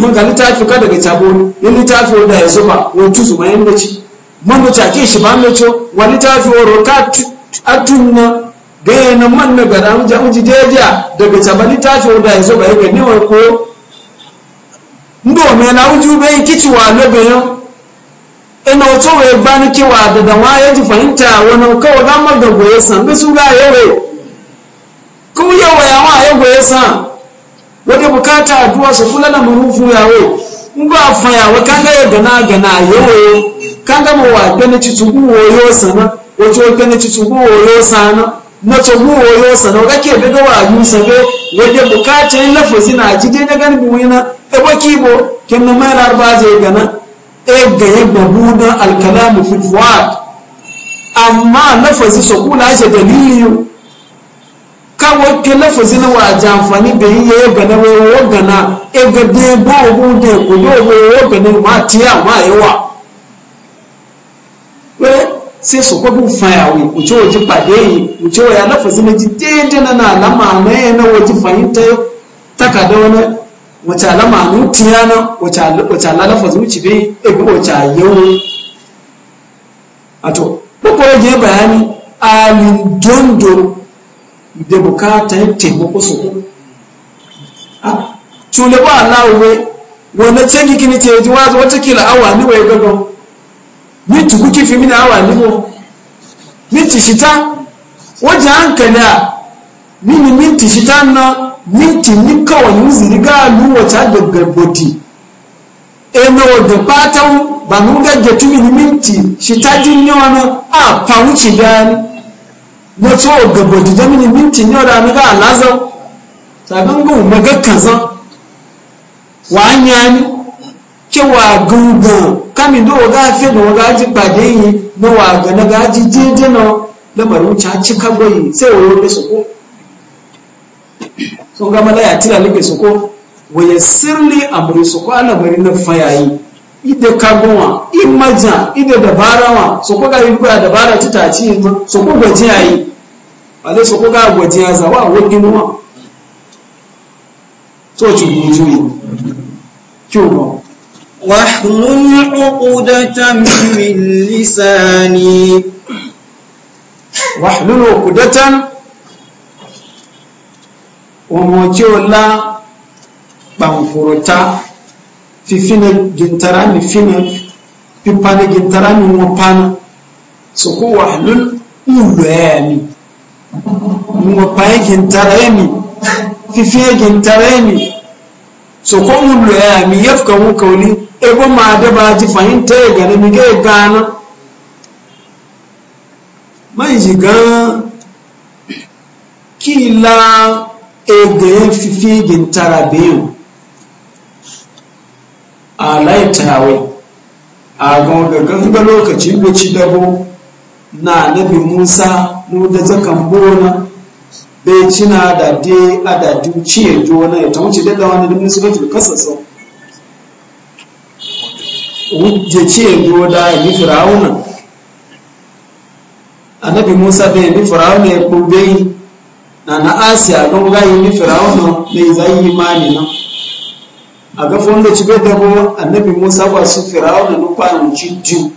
maka ga ka daga cabo ne littafi wanda ya zuba wani tuzu ma yanda ci man da take shi ba mai co wa littafi wa roka na gaya na man na gada mu deja daga cabo littafi wanda ya zuba ya ga ne wa ndo me na uju be kici wa lobe yo ina wa ba ni kiwa da da ya ji fahimta wani ga san ga kuma yawa ya goye san wata bukata addu'a su kula na manufu yawo in ba faya wa kanga ya gana gana yawo kanga mu wa gani ci tugu woyo sana wato wa gani ci tugu woyo sana na tugu woyo sana ga ke daga wa yi sabe wata bukata yin lafazi na ji dai na gani bi wina e ba kibo kin na mai larba zai gana e ga yabba budan alkalamu fil amma lafazi su kula shi dalili kawo ke lafazi na wa jamfani da yi ye gana wa wa gana e ga de o bo de ko do bo wa gana ma tiya ma wa. we se su ko bu fayawi u ce waje pade yi u ce ya lafazi na ji daidai na na lama ne na waje fahimta takada wani wace alama nu tiya na wace alalafa zuci bai ebe wace yau a to ko je bayani alin dondo. da bukatar taimako su ku a tule ba Allah we wanda ce ki kini ce ji wazo wata kila awa ni wai gago ni tuku ki fi mini awa ni mo ni tishita wajen hankali a mini min shita na minti ni kawai yuzi ni ga luwa ta daga boti eno da fatan ba mun gaggetu mini minti shi ta jinyo wani a fa wuce gani na wa ga da minti ne da ni ga alazan sabon gun magakaza wa wa yi ni cewa gungun kami do ga fi do ga ji bade yi na wa ga na ga ji jeje no lamarin ca cika goyi sai wayo ne su ko sun gama da ya tira lake su ko waye sirri amri su ko ala bari na fayayi ide kagunwa imaja ide dabarawa so ko ga yuka dabara ti ta ci so ko gwaji ayi ale so ko ga gwaji ya zawa wo ginuwa to ci guju yi kyuwa wahlul uqdatan min lisani wahlul uqdatan wa mawkiwla bamfurata fifina gintarani fina pipana gintarani mwapana so ko wahlul ulwani mwapaye gintarani fifina gintarani so ko ulwani yafka mukauli ego maada baji fahimta ya gane mige gana mai jiga kila ege fifi gintara biyu a laitawai a gaugagan ga lokacin da ci dabo na nabi musa no da zakan bona bai cina da de adadu ciye jona ya tamuci da wani da musulunci kasasa wujje ciye joda ya yi firawunan nabi musa bai ni firawunan ya kobe na na asiya don gayi yi firawunan mai zai yi mani nan a ga wanda ci bai dabo annabi musa ba su firawo da nufanin jin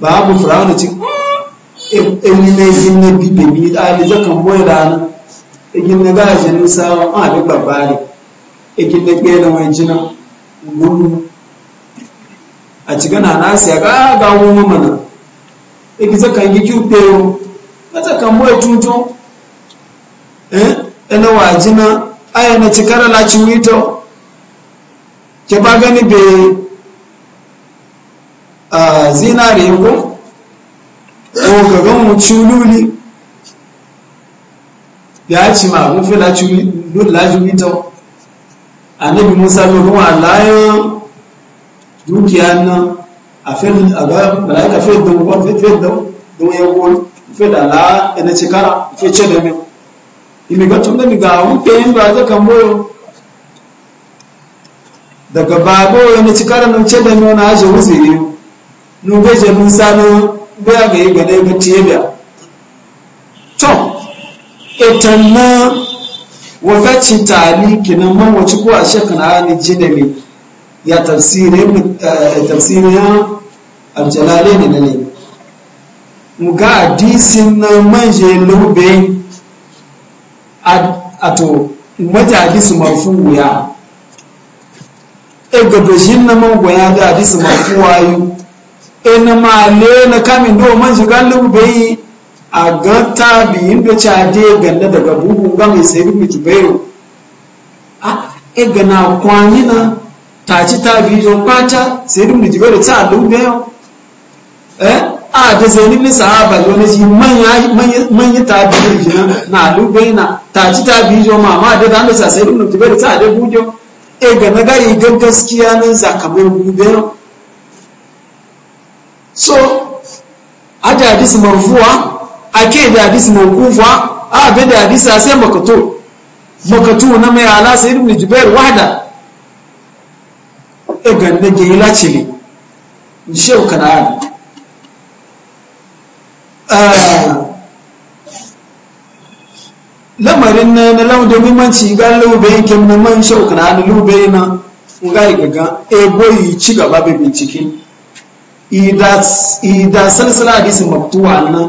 ba mu firawo da ci ɗin eh, eh, ne yi na bibe bi ɗali zakan boye rana ɗin na gaji nisa wa ah, a bi babbare ɗin na da mai jina gudu a ci gana na siya ga ga ah, wani mana ɗin zakan yi kyuɓe yau a zakan boye tuntun ɗin eh, na wajina aya na cikara la wito ke ba gani be a zinare ko o ga gan mu chululi ya ci ma mu fi la ciwito la ciwito annabi Musa ko kuma Allah dukiya na a fil ga malaika fil da ko fil da do ya ko fil la ina cikara ke ce da mu imiga tunda miga yin ba za ka moyo daga babo yana cikara nan ce da nuna aje wuziri nu je mun sano biya ga ga dai yiga tiye biya to etanna ci tali kinan man wace ko a shekana ni jinami ya tafsirin eh, ya. aljalale ne ne mu ga hadisin na manje lubai ato majalisu marfuya e gado shi na mangoya da hadisu marfuwa wayo e na male na kamin do man shiga lubai a ga tabiyin da cade ganda daga bugu ga mai sayi mai jubairu a e gana kwanyi na taci don kwata sayi mai jubairu ta lubai eh a ta sai ni sahaba yo ne shi manya manya tabi'i jina na lubaina ta ci tabi'i jo ma ma da dan da sai ibn jubair ta da bujo e ga na ga yi gaskiya nan zakamar bujo so ada hadisi marfuwa ake da hadisi mawqufa a be da hadisi sai makato makato na mai ala sai ibn jubair wahda e ga na ge ila ce ne shau kana Ah. lamarin na na lamu da muhimmanci ga lube yake na man shauka na hannu lube na ga gaga e yi ci gaba bi bincike idas salsala hadisi maktuwa na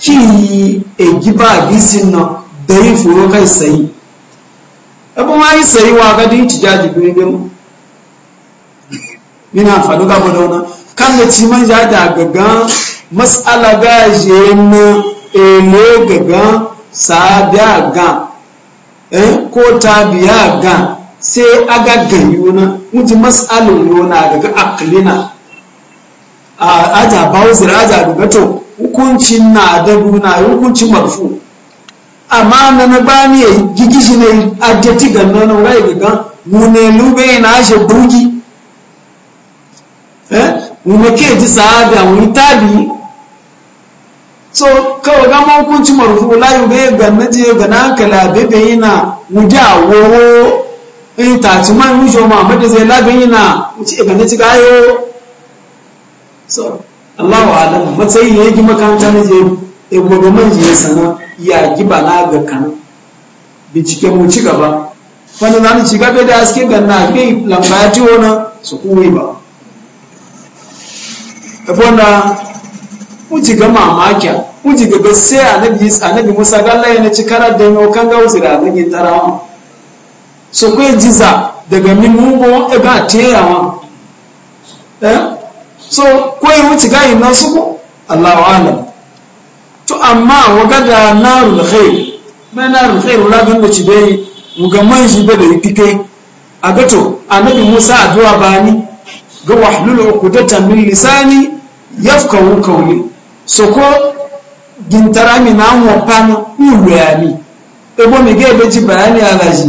ki e giba hadisi na da yi furo kai sai abu ma yi wa ga din ci jaji bai bai mu nina faɗo gaba da kan da ci man jaji da gaga masala gaje na elo gaga sabiya ga e eh, ko biya ga sai aga ganyuna mutu mas'alin yona daga akilina a aja bawzir aja dugato hukuncin na adabu na hukuncin marfu amma na na bani ya gigishi ne adjeti ga nono ga ga mune lube na she bugi eh mu ke ji saada mu tabi so kawai ga hukunci marufu layu yu ga ga naje ga na kala bebe wuje a wo in ta ci man mujo ma mata zai la yi yana wuce ga naje ga yo so Allahu alamu matsayi ne gima makaranta ne je e gobe man je sana ya giba na ga kan bincike mu ci gaba wani na ci gaba da aske ga na ke ji wona su kuwe ba uji ga mamaki uji ga anabi annabi annabi Musa ga Allah yana karar da yau kan ga wuce da tarawa so kai jiza daga min mugo e ga teyawa yawa. Eh? so kai yi wuce ga yin nasu ko wa alam to amma waga da na khair mai narul khair wala don da cibe mu ga man shi ba da yike a gato anabi Musa addu'a bani ga wahlul uqdatan min lisani yafqahu qawli soko gintara mi na wọn panu iwe ami ebo mi ga ebe ji bayani alaji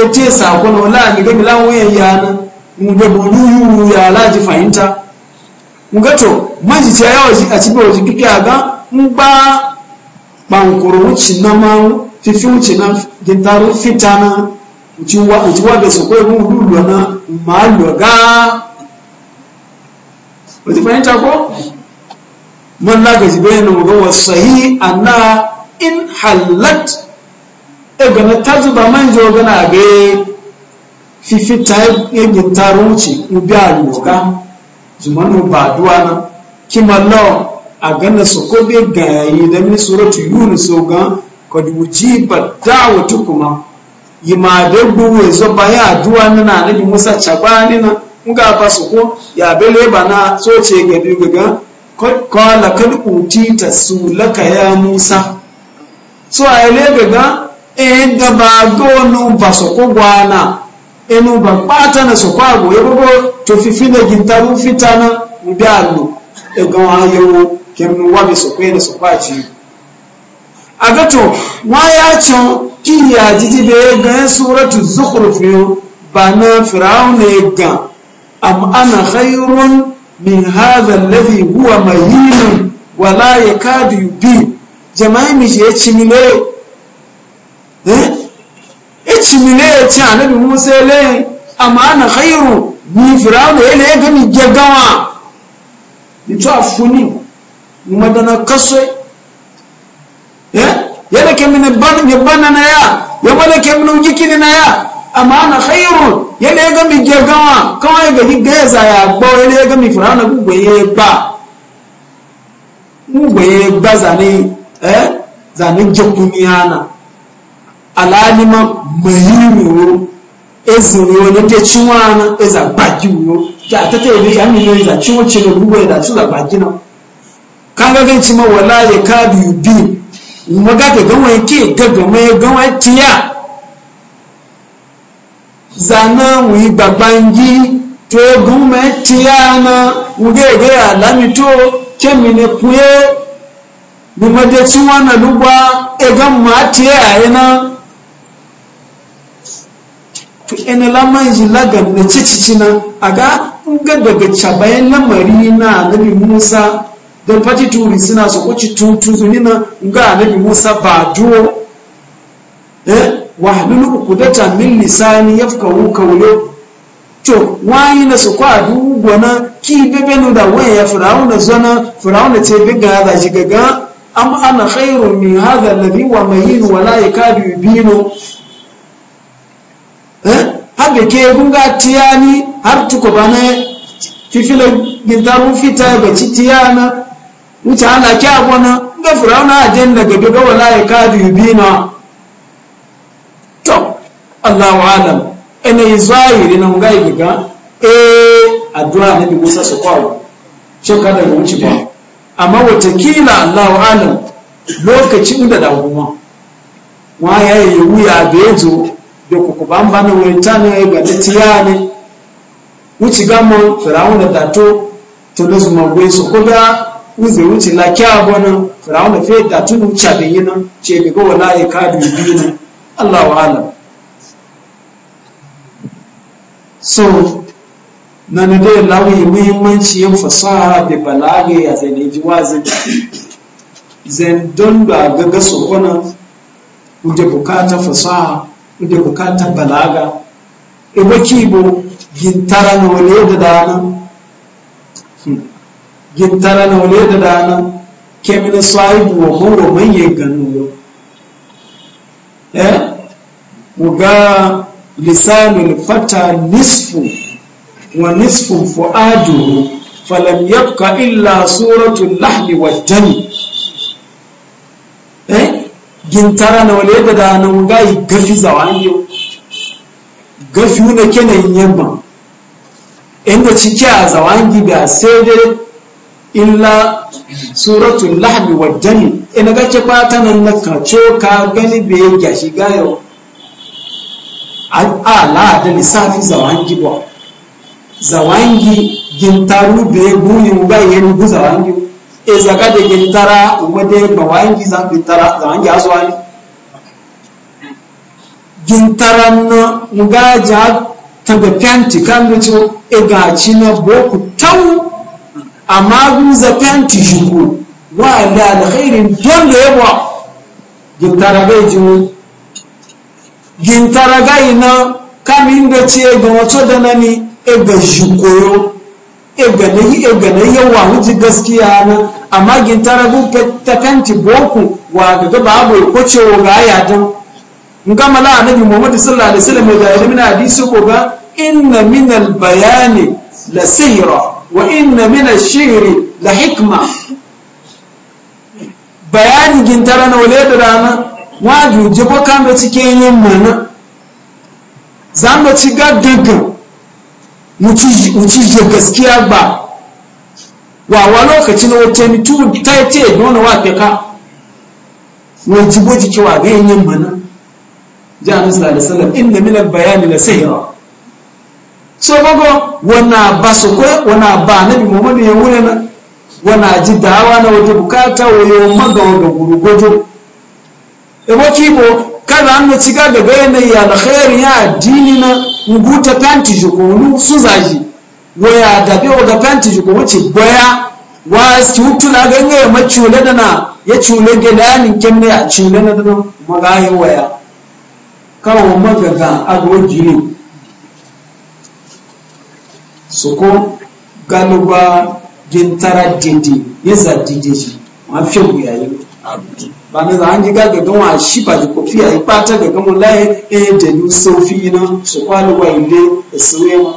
eti esa akwụna ola mi ga bila nwunye ya na ngbe bụ n'uyu ya alaji fahimta ngato maji ci ayawa ji aci bai oji kike aga ngba kpankuru wuce na ma fifi wuce na gintara fita na wuce wa da soko ebe wudu na ma lọ ga oji fahimta ko man la na bayanin ga wasahi anna in halat e gana tazuba man jo gana ga fifita ya gitaru wuce ubi a yoga zumanu ba duwa na kima law a gana su ko bai gayayi da min suratu yunus ga kad wujiba da'watukuma yima da gbuwe zo ba ya aduwa na na nabi musa chabani na nga ba ya bele ba na so ce kwala kan utita su laka ya musa so a ile ga eh, da ba gonu ba su ko gwana eh, ba kpata na so kwa go yebo to fifina gintaru fitana mudalu alu ga ayewo kemnu wa bi su kwe ne su kwaci ji gato wa ya cho iya jiji ya ga suratu zukhruf yo bana fir'auna ga am ana khairun min hadha alladhi huwa mayin wa la yakadu yubi jama'i mi je chimile eh e chimile ti anabi musa le amana khairu ni firawo ele ga mi jagawa ni to afuni madana kaswe eh yana kemine ban ya banana ya ya bana kemine ujikini na ya amana khairu yene ga mi jegawa kawai ga higeza ya gbo yene ga mi furana gugwe ye ba gugwe ba zani eh zane jokuniana alalima mahiru ezuru ne te chiwana eza bajiwo ja tete ne ya mi ne za chiwo chiwo gugwe da tsula bajina kanga ga chima wala ya kadu yubi magata gawa yake gaga mai gawa tiya zana wi babangi to gume tiyana ugege alami to kemine kuye ni maje wana lugwa egan ma tiye ayena to ene laman ji lagan da cicicina aga ga daga cabayen lamari na nabi musa don fati turi suna su kuci tutu zunina ga nabi musa ba duwo eh wahlul uqdata min lisani yafqahu qawli to wani na su kwa na ki no da waya fir'auna zana fir'auna ce ga da shi gaga am ana khairu min hadha alladhi wa mayin wa la yakadu yubinu eh haba ke gunga tiyani har tuko bana fifila gintaru fita ga tiyana wuce ala gona ga na ajenda ga biga wala yakadu yubinu wallahu alam ene zahiri na ngai giga eh addu'a ne bi musa su kwawo ce kada mu ci ba amma watakila allahu alam lokacin da damuwa wa ya yi wuya da ya zo da kuku ban bana wani tana ya ga tiya ne wuce gama firawuna da to to na zuma gwai su kuga wuce wuce la kya gwanin firawuna fiye da tunu wuce da yi ce ga gawa na ya kadu biyu nan alam so na ne dai lawi muhimmanci yin fasaha da balage ya zai ne ji wazin zan don ba ga gaso sokona kuke bukata fasaha kuke bukata balaga e ebo bo gintara na wale da dana hmm. gintara na wale da dana kemina sahibu wa mura manyan ganu yau eh muga lisanul fata nisfu nisfu wa nisfu fu'aduhu falam yabqa illa suratu suratul lahmi waddami eh gintara na wale da na ngai gafi zawanyo gafi ne kenan yamma inda cike a zawangi da sai dai illa suratul lahmi waddami ina ga ce fata nan na ka gani be ya shiga yau ala da lissafi zawangi ba zawangi gintaru bai guyin bayan yin gu zawangi e zaka da gintara ya ba wangi za gintara zawangi ne gintaran na ngaja ta ga fenti kan da ci e ga ci na boku tau amma gu za fenti shugo wa da alkhairin don da yawa gintara bai jiwo gintara gai na kami da ce ga wato da nani e ga jikoyo e na e ga na yawa wuji gaskiya na amma gintara bu ta kanti boku wa ga ga babu ko cewa ga ya don in ga mala annabi Muhammad sallallahu alaihi wasallam da a hadisi ko ga inna min bayani la sihra wa inna min al shi'ri la hikma bayani gintara na wale da rana waju jebo kando cikin yin mana zanga ci gaggagan muci je gaskiya ba wawa lokaci na wata mitu ta yi ce da wani wafe ka wai jibo jiki wa gayan yin mana ji a nasu da salam inda milar bayani na sahira so bago wana ba su kwaya wana ba na bi muhammadu ya wuri na wana ji dawa na wata bukata wa yau magawa ga gurugojo ebo kibo kada an ci ga ya yanayi alkhairi ya dini na nguta panti jukunu suzaji waya da biyo da panti juko ci boya wa ci hutu na ganye ya macule da na ya cule gidanin kemme ya cule na dana magayi waya kawo ga agwajiri jini ko galuba gintara didi ya za didi shi ma fi wuyayi abu bana za an giga ga gawa shi ba da kofiya yi fata ga gama laye eh da ni sofi na su kwali wa ile da sauye ma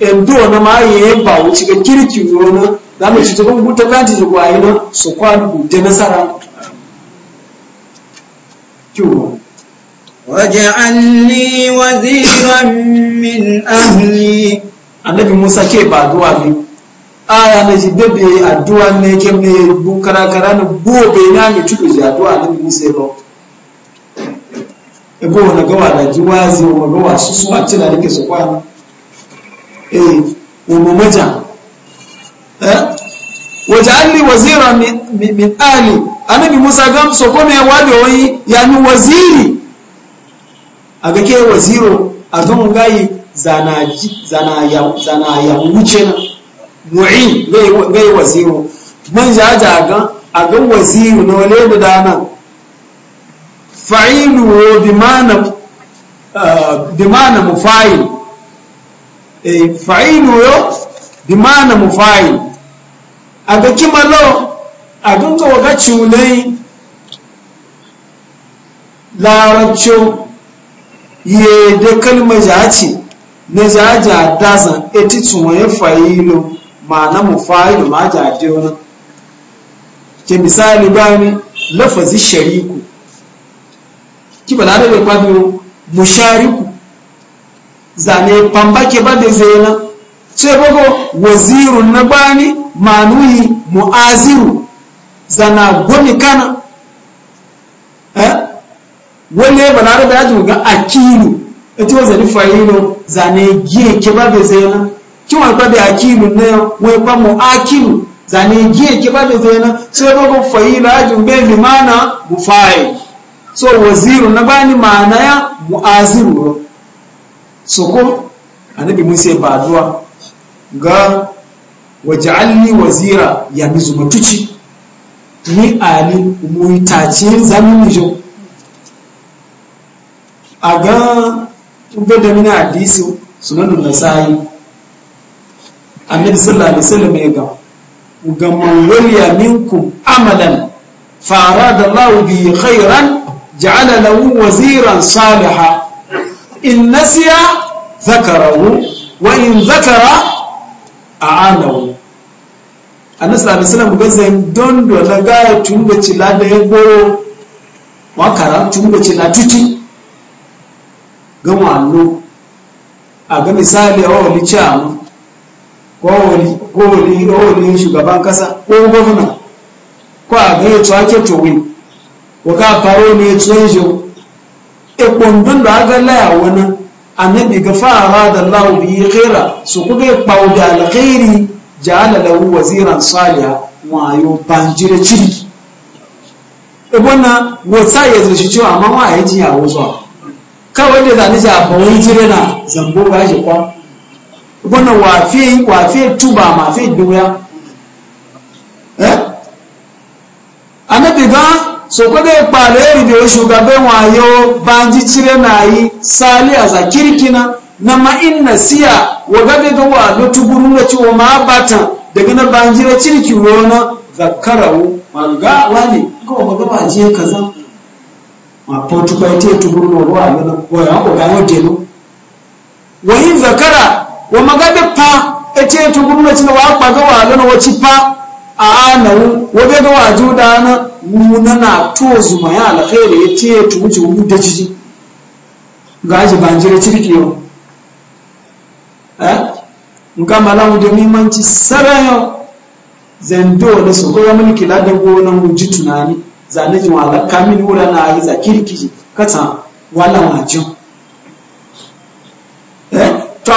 endo na ma ya ba wuce ga kirki na za mu ci tukun buta kanti da kwaye na su kwali ku da nasara waje'an ni waziran min ahli annabi musa ke ba duwa biyu aya na jibebe addu'a ne ke ne bu kara ne bo be na mi tudu ji addu'a ne mi se bo e bo na gawa da jiwazi o gawa su su a cila dake su kwana e o mu maja eh waj'alni wazira min min ali bi musa gam so ko me wado yi yani waziri aga ke waziro azon gayi zana zana ya zana ya wuce na mu'in gai waziru mun jaja ga a ga waziru na wale da dana fa'ilu eh, bi mana mufa'il eh, fa'ilu yo bi mana mufa'il a ga kimalo a gan ga waga culai larabcin ye da kalmar jaci na jaja dazan etitun tsuwaye fa'ilu ma'ana mu fa'ilu ma wani ke misali bani lafazi shariku ki ba larabe kwado mushariku zane pamba ke ba da zena ce bago wazirun na bani manuyi mu'aziru zana gwani kana eh ba larabe ya ga akilu e ita wazari fa'ilu zane giye ke ba da zena ki wa ba da hakimu ne wai ba mu akimu zane giye ki ba da zaina sai ba ku fa'ila jin bai limana mu fa'i so waziru na bani ma'ana ya aziru so ko annabi sai ba addu'a ga waj'alni wazira ya mizu matuci ni ali mu muitace ni jo aga ubeda mina hadisi sunanun nasai amir sallallahu alaihi wasallam ya ga ga man waliya minkum amalan fa arada Allah bi khairan ja'ala lahu waziran Saliha in nasiya zakarahu wa in zakara a'anahu annabi sallallahu alaihi wasallam zai don do la ga da cila da goro wa kara da cila tuti ga wallo a ga misali a wani chamu kowane shugaban kasa ko gwamna ko a gaya yato ake ko ka faro ne tsohon e ikundun da aka laya wani annabi ga fara da lahu ya khaira su kuma ya kpawo da alkhairi ja lahu waziran saliha wayo banjire cirki ibonna e wata ya zai shi cewa amma wa ya ji ya wuzo kawai da zane ja a wai jire na zambo ba shi kwa gbọ́nà wàfíẹ́ túbà màfíẹ́ ìgbìmọ̀ya anabiga sokoda ya wayo banji cire na yi sali a zakirkina na ma'in siya wa gabe wa na ma bata daga na banji cirki wona manga wani kaza ma te tuburu no wa ga na ko ya ko ga no wa in zakara wa magabe pa ete ta gwamnati na wa paga wa lana wacce fa a anawu wabe ga waju da na muna na to zuma ya alkhairi ete to wuce wu da jiji ga aji jira cirki yau eh nga malamu da mimanci sarayo zando da su kuma mini kila da gonan wuji tunani zane jin wala kamin wura na yi za katsa wala majin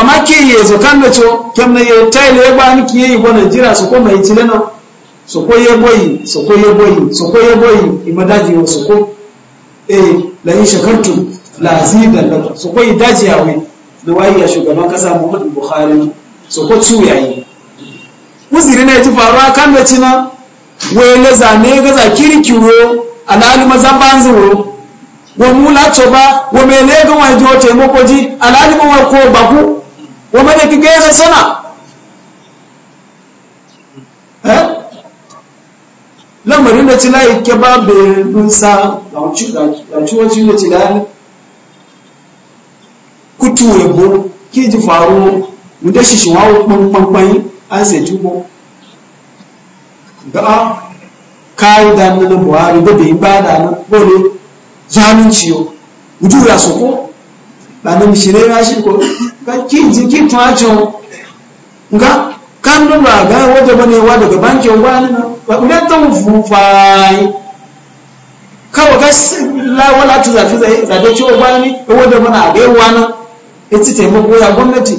ma ke yi yanzu kan da cho kem na yi tai ya ba ni ki yi bo Nigeria su ko mai chile no su ko ya boyi su ko ya boyi su ko ye boyi daji wa su ko eh la yi shakartu la da lakum su ko ya wai da wayi ya shugaban kasa Muhammadu Buhari su ko ciwo yayi uzuri ne ji faruwa kan da cina wele zane ga za kirkiro alali mazan banzuro wa mula to ba wa mele ga wani jo taimako ji alali ba ko baku wa da ki gaya sana eh? lamarin da cila yake ba berin sa da ciwacin da cila kutu ebo ki ji faru da shi shi wawo kpankpankpan an sai jubo ga a kayi da nan buhari da bai ba da nan gole zalunci yau wujuda su ko lànà ìṣẹlẹ lásìkò kí ìdí kí tún àjọ nga kándó rà gá owó jọba ní ìwádìí ọgbà báńkì ọgbà nínú ọgbà tó ń fún fàáyé káwọ ká láwọ láti zàfíza ìzàdé tí ó bá ní owó jọba náà àgbẹ̀ wà náà etí gwamnati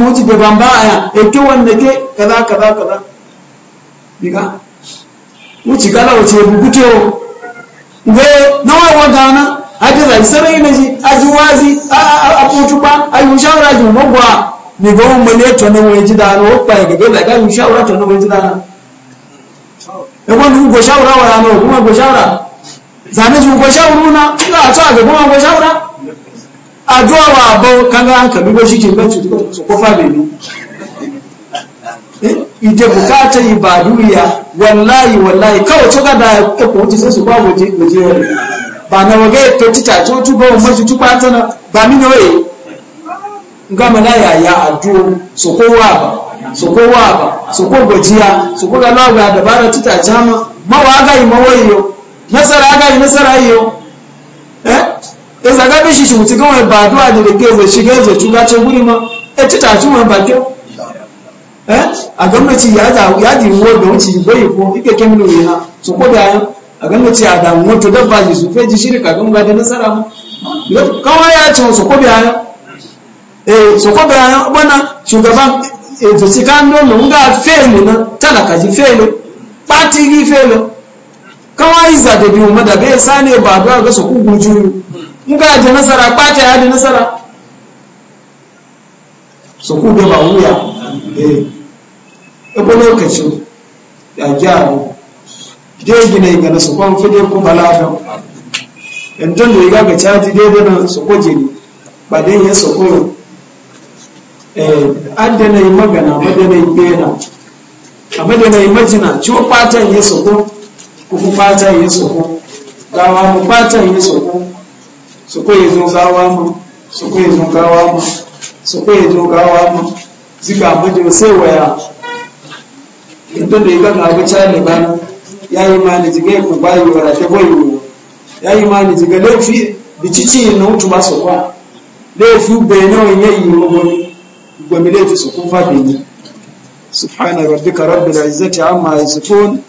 mu da bamba aya e wanda ke kaza kaza kaza diga mu ci kala wace bugu tewo nawa wa gana haka zai sarai na ji ajiwazi a kutuba a yi shawara ji magwa ni ga mun mane to ne wai ji da no pa ga ga ga yi shawara to ne wai ji da na e ko ni ko shawara wa na kuma ko shawara zane ji ko shawara na ina a ga kuma ko shawara a duwa wa abo kanga an kabi ko shi ke ba su ko fa be ni ite bukata ibaduya wallahi wallahi kawai to ga da ko wuce sai su ba waje waje ba na waga to tita to tu ba mu tu tana ba mi ne waye ngama na ya ya adu so ko wa ba so ko wa ba so ko gojiya so ko ga lawa ga dabara tita jama ma wa ga yi mawayo nasara ga yi nasara yo eh eza ga bishi shi mutu gama ba duwa da ke zai shiga zai tuga ce guri ma eh tita tu ma ba kyau eh a gwamnati ya da ya di wo da wuce bai ko ike kemlo yana so ko da a ganga ce a damu wato dabba ji su feji shirka gan ba da nasara mu kawai ya ce su ko bayan eh su ko bayan bana shugaban e to si kan do mu ga fail na talaka ji fail party gi fail kawai za da biyu mada bai sane ba ga ga su ku guju mu ga da nasara kwata ya da nasara su ku ga ba wuya eh ebo lokacin ya gyaru dai gina ga na su kwan fide ko balaga yanzu da ya ga caji dai da su ko jini ba dai ya su ko eh, da na yi magana na yi bena a na yi majina ciwo fatan ya su ko kuku fatan ya su ko gawa mu fatan ya su ko su ko ya zo gawa mu su ko ya zo gawa mu su ko ya zo gawa mu zika majina sai waya yanzu da ya ga ga caji bana ya yi ni jigai ku bayi wa rafe boyo ya yi ni jigai laifi bicici na mutu ba su kwa laifi bai nawa ya yi wani gwami laifi su kun faɗi ne subhana rabbika rabbil izzati amma yasifun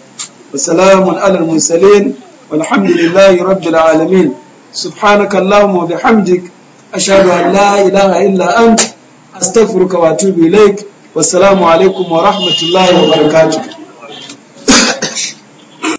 wa salamun alal mursalin walhamdulillahi rabbil alamin subhanaka allahumma wa bihamdik ashhadu an la ilaha illa ant astaghfiruka wa atubu ilaik wassalamu alaikum wa rahmatullahi wa barakatuh